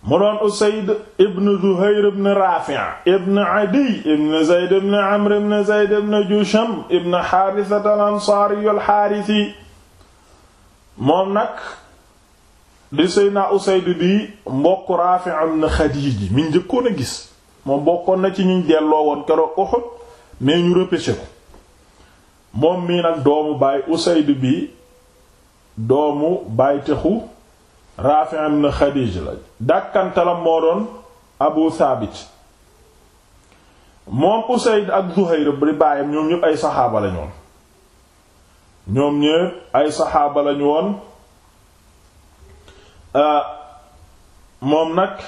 mu doon usayd ibn zuhayr ibn raafi' ibn adiy ibn zayd ibn amr ibn zayd ibn jusham ibn xaarisata al ansaari al xaarisi moom nag di Seydina Usayd bi mbokk Raafi' ibn Xadiij mi njëkkoon a gis moom bokkoon na ci ñuñ delloo woon keroog Uhud mais ñu repêché ko moom mii nag doomu baay Usayd bi doomu baay texu Raafi' ibn Xadiij la dàkkantalam moo doon Abu Saabit moom Usayd ak Zuhayr bi baayam ñoom ñëpp ay saxaaba lañu woon Euh, moom nag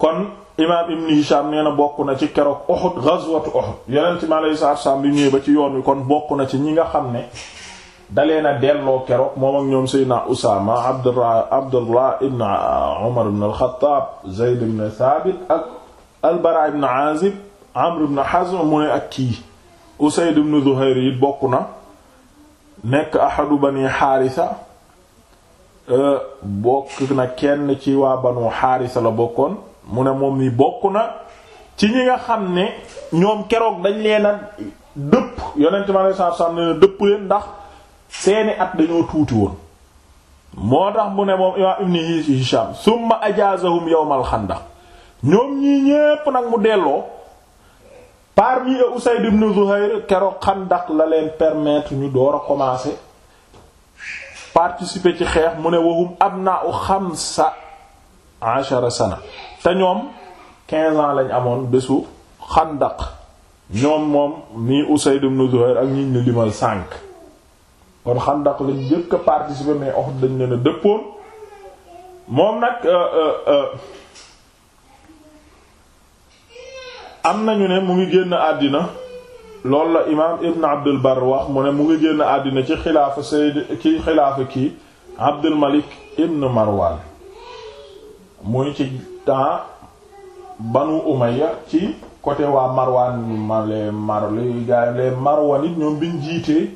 kon imaam Ibn Hisham nee na bokk na ci keroog Uhud ghazwatu Uhud yonent mi alayhi salaatu ba ci yoon wi kon bokk na ci ñi nga xam ne dalee na delloo keroog moom ak ñoom Seydina Usaama Abdullah Abdullah ibn Umar ibn al-Khattab mu ne ak kii Usayd ibn Zuhayr it bokk na nekk ahadu bani Haarisa Euh, bokk na kenn ci waa banu xaarisa la bokkoon mu ne moom ni bokk na ci ñi nga xam ne ñoom keroog dañ leen a dëpp yonent mi alei satu salaam ne dëpp leen ndax seeni at dañoo tuuti woon moo tax mu ne moom imaam ibn Hisham summa yow yawmal xandaq ñoom ñii ñépp nag mu delloo parmi Usayd ibn Zuhayr keroog xandax la leen permettre ñu door a commencer participer ci xeex mu ne wahum abna'u xamsa ashara sana te ñoom quinze ans lañ amoon bésu xandaq ñoom moom nii Usayd ibn Zuhair ak ñiñ ne limal sànk kon xandaq lañ jëkk participer mais Uhud dañ leen a dëppoon moom nag euh, euh, euh, am nañu ne mu ngi génn àddina loolu la imaam Ibn Abdul Bar wax mu ne mu ngi génn àddina ci xilaafa Sayyid ci xilaafa kii Abdul Malik Ibn Marwan muy ci temps Banu Umayya ci côté waa Marwan ma les Mar les Marwan it ñoom biñ jiitee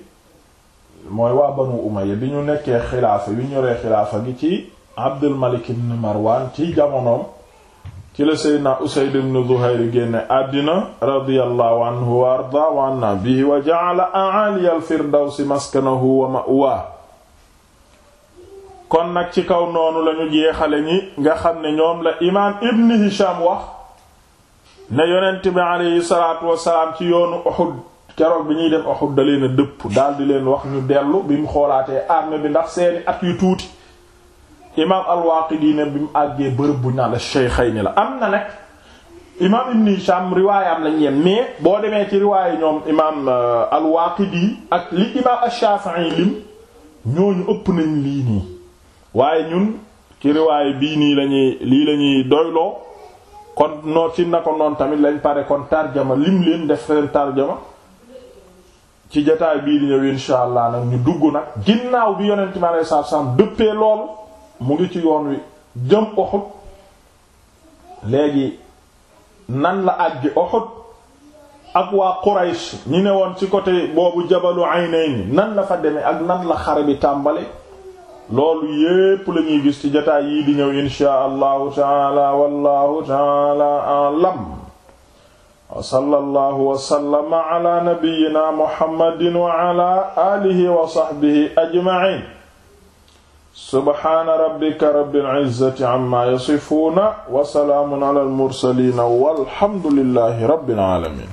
mooy waa Banu Umayya bi ñu nekkee xilaafa yu ñoree xilaafa gi ci Abdul Malik Ibn Marwan ci jamonoom. ci la seydna usayd ibn zuhayr génne àddina radiyallahu anhu wa ardaa wa anna bihi wa ja'ala a'ali al-firdawsi maskanahu wa ma'wa kon nag ci kaw noonu lañu jeexale ñi nga xam ne ñoom la imaam ibn hisham wax ne yonent bi aleyhi salaatu wasalaam ci yoonu uhud keroog bi ñuy dem uhud da leen a dëpp daldi leen wax ñu dellu bi mu xoolaatee arme bi ndax seeni at yu tuuti imaam al-Waaqidi ne bi mu àggee bërëb bu ñu naan la Shaykhayni la am na nag imaam Ibn Hisham riwaayam lañ yem mais boo demee ci riwaayu ñoom imaam euh, al-Waaqidi ak li imaam ash-Shaafi'i lim ñooñu ëpp nañ lii nii waaye ñun ci riwaayu bii nii lañuy lii lañuy doyloo kon noo ci na ko noonu tamit lañ pare kon tarjama lim leen def leen tarjama ci jotaay bii di ñëw insha allah nag ñu dugg nag ginnaaw bi yonent mi alayhi salaatu dëppee loolu mu ngi ci yoon wi jëm Uhud léegi nan la àggi Uhud ak waa Quraysh ñi ne woon ci côté boobu jabalu Aynayn nan la fa demee ak nan la xare bi tàmbali loolu yépp la ñuy gis ci jotaay yii di ñëw inshaa allahu taala wallahu taala alam wa sallallahu wa sallama ala nabiyyina wa alihi wa sahbihi ajma'in subhaana rabbika rabbil izzati amma yasifuuna wa salaamun alal mursaliina walhamdulillahi rabbil aalamiin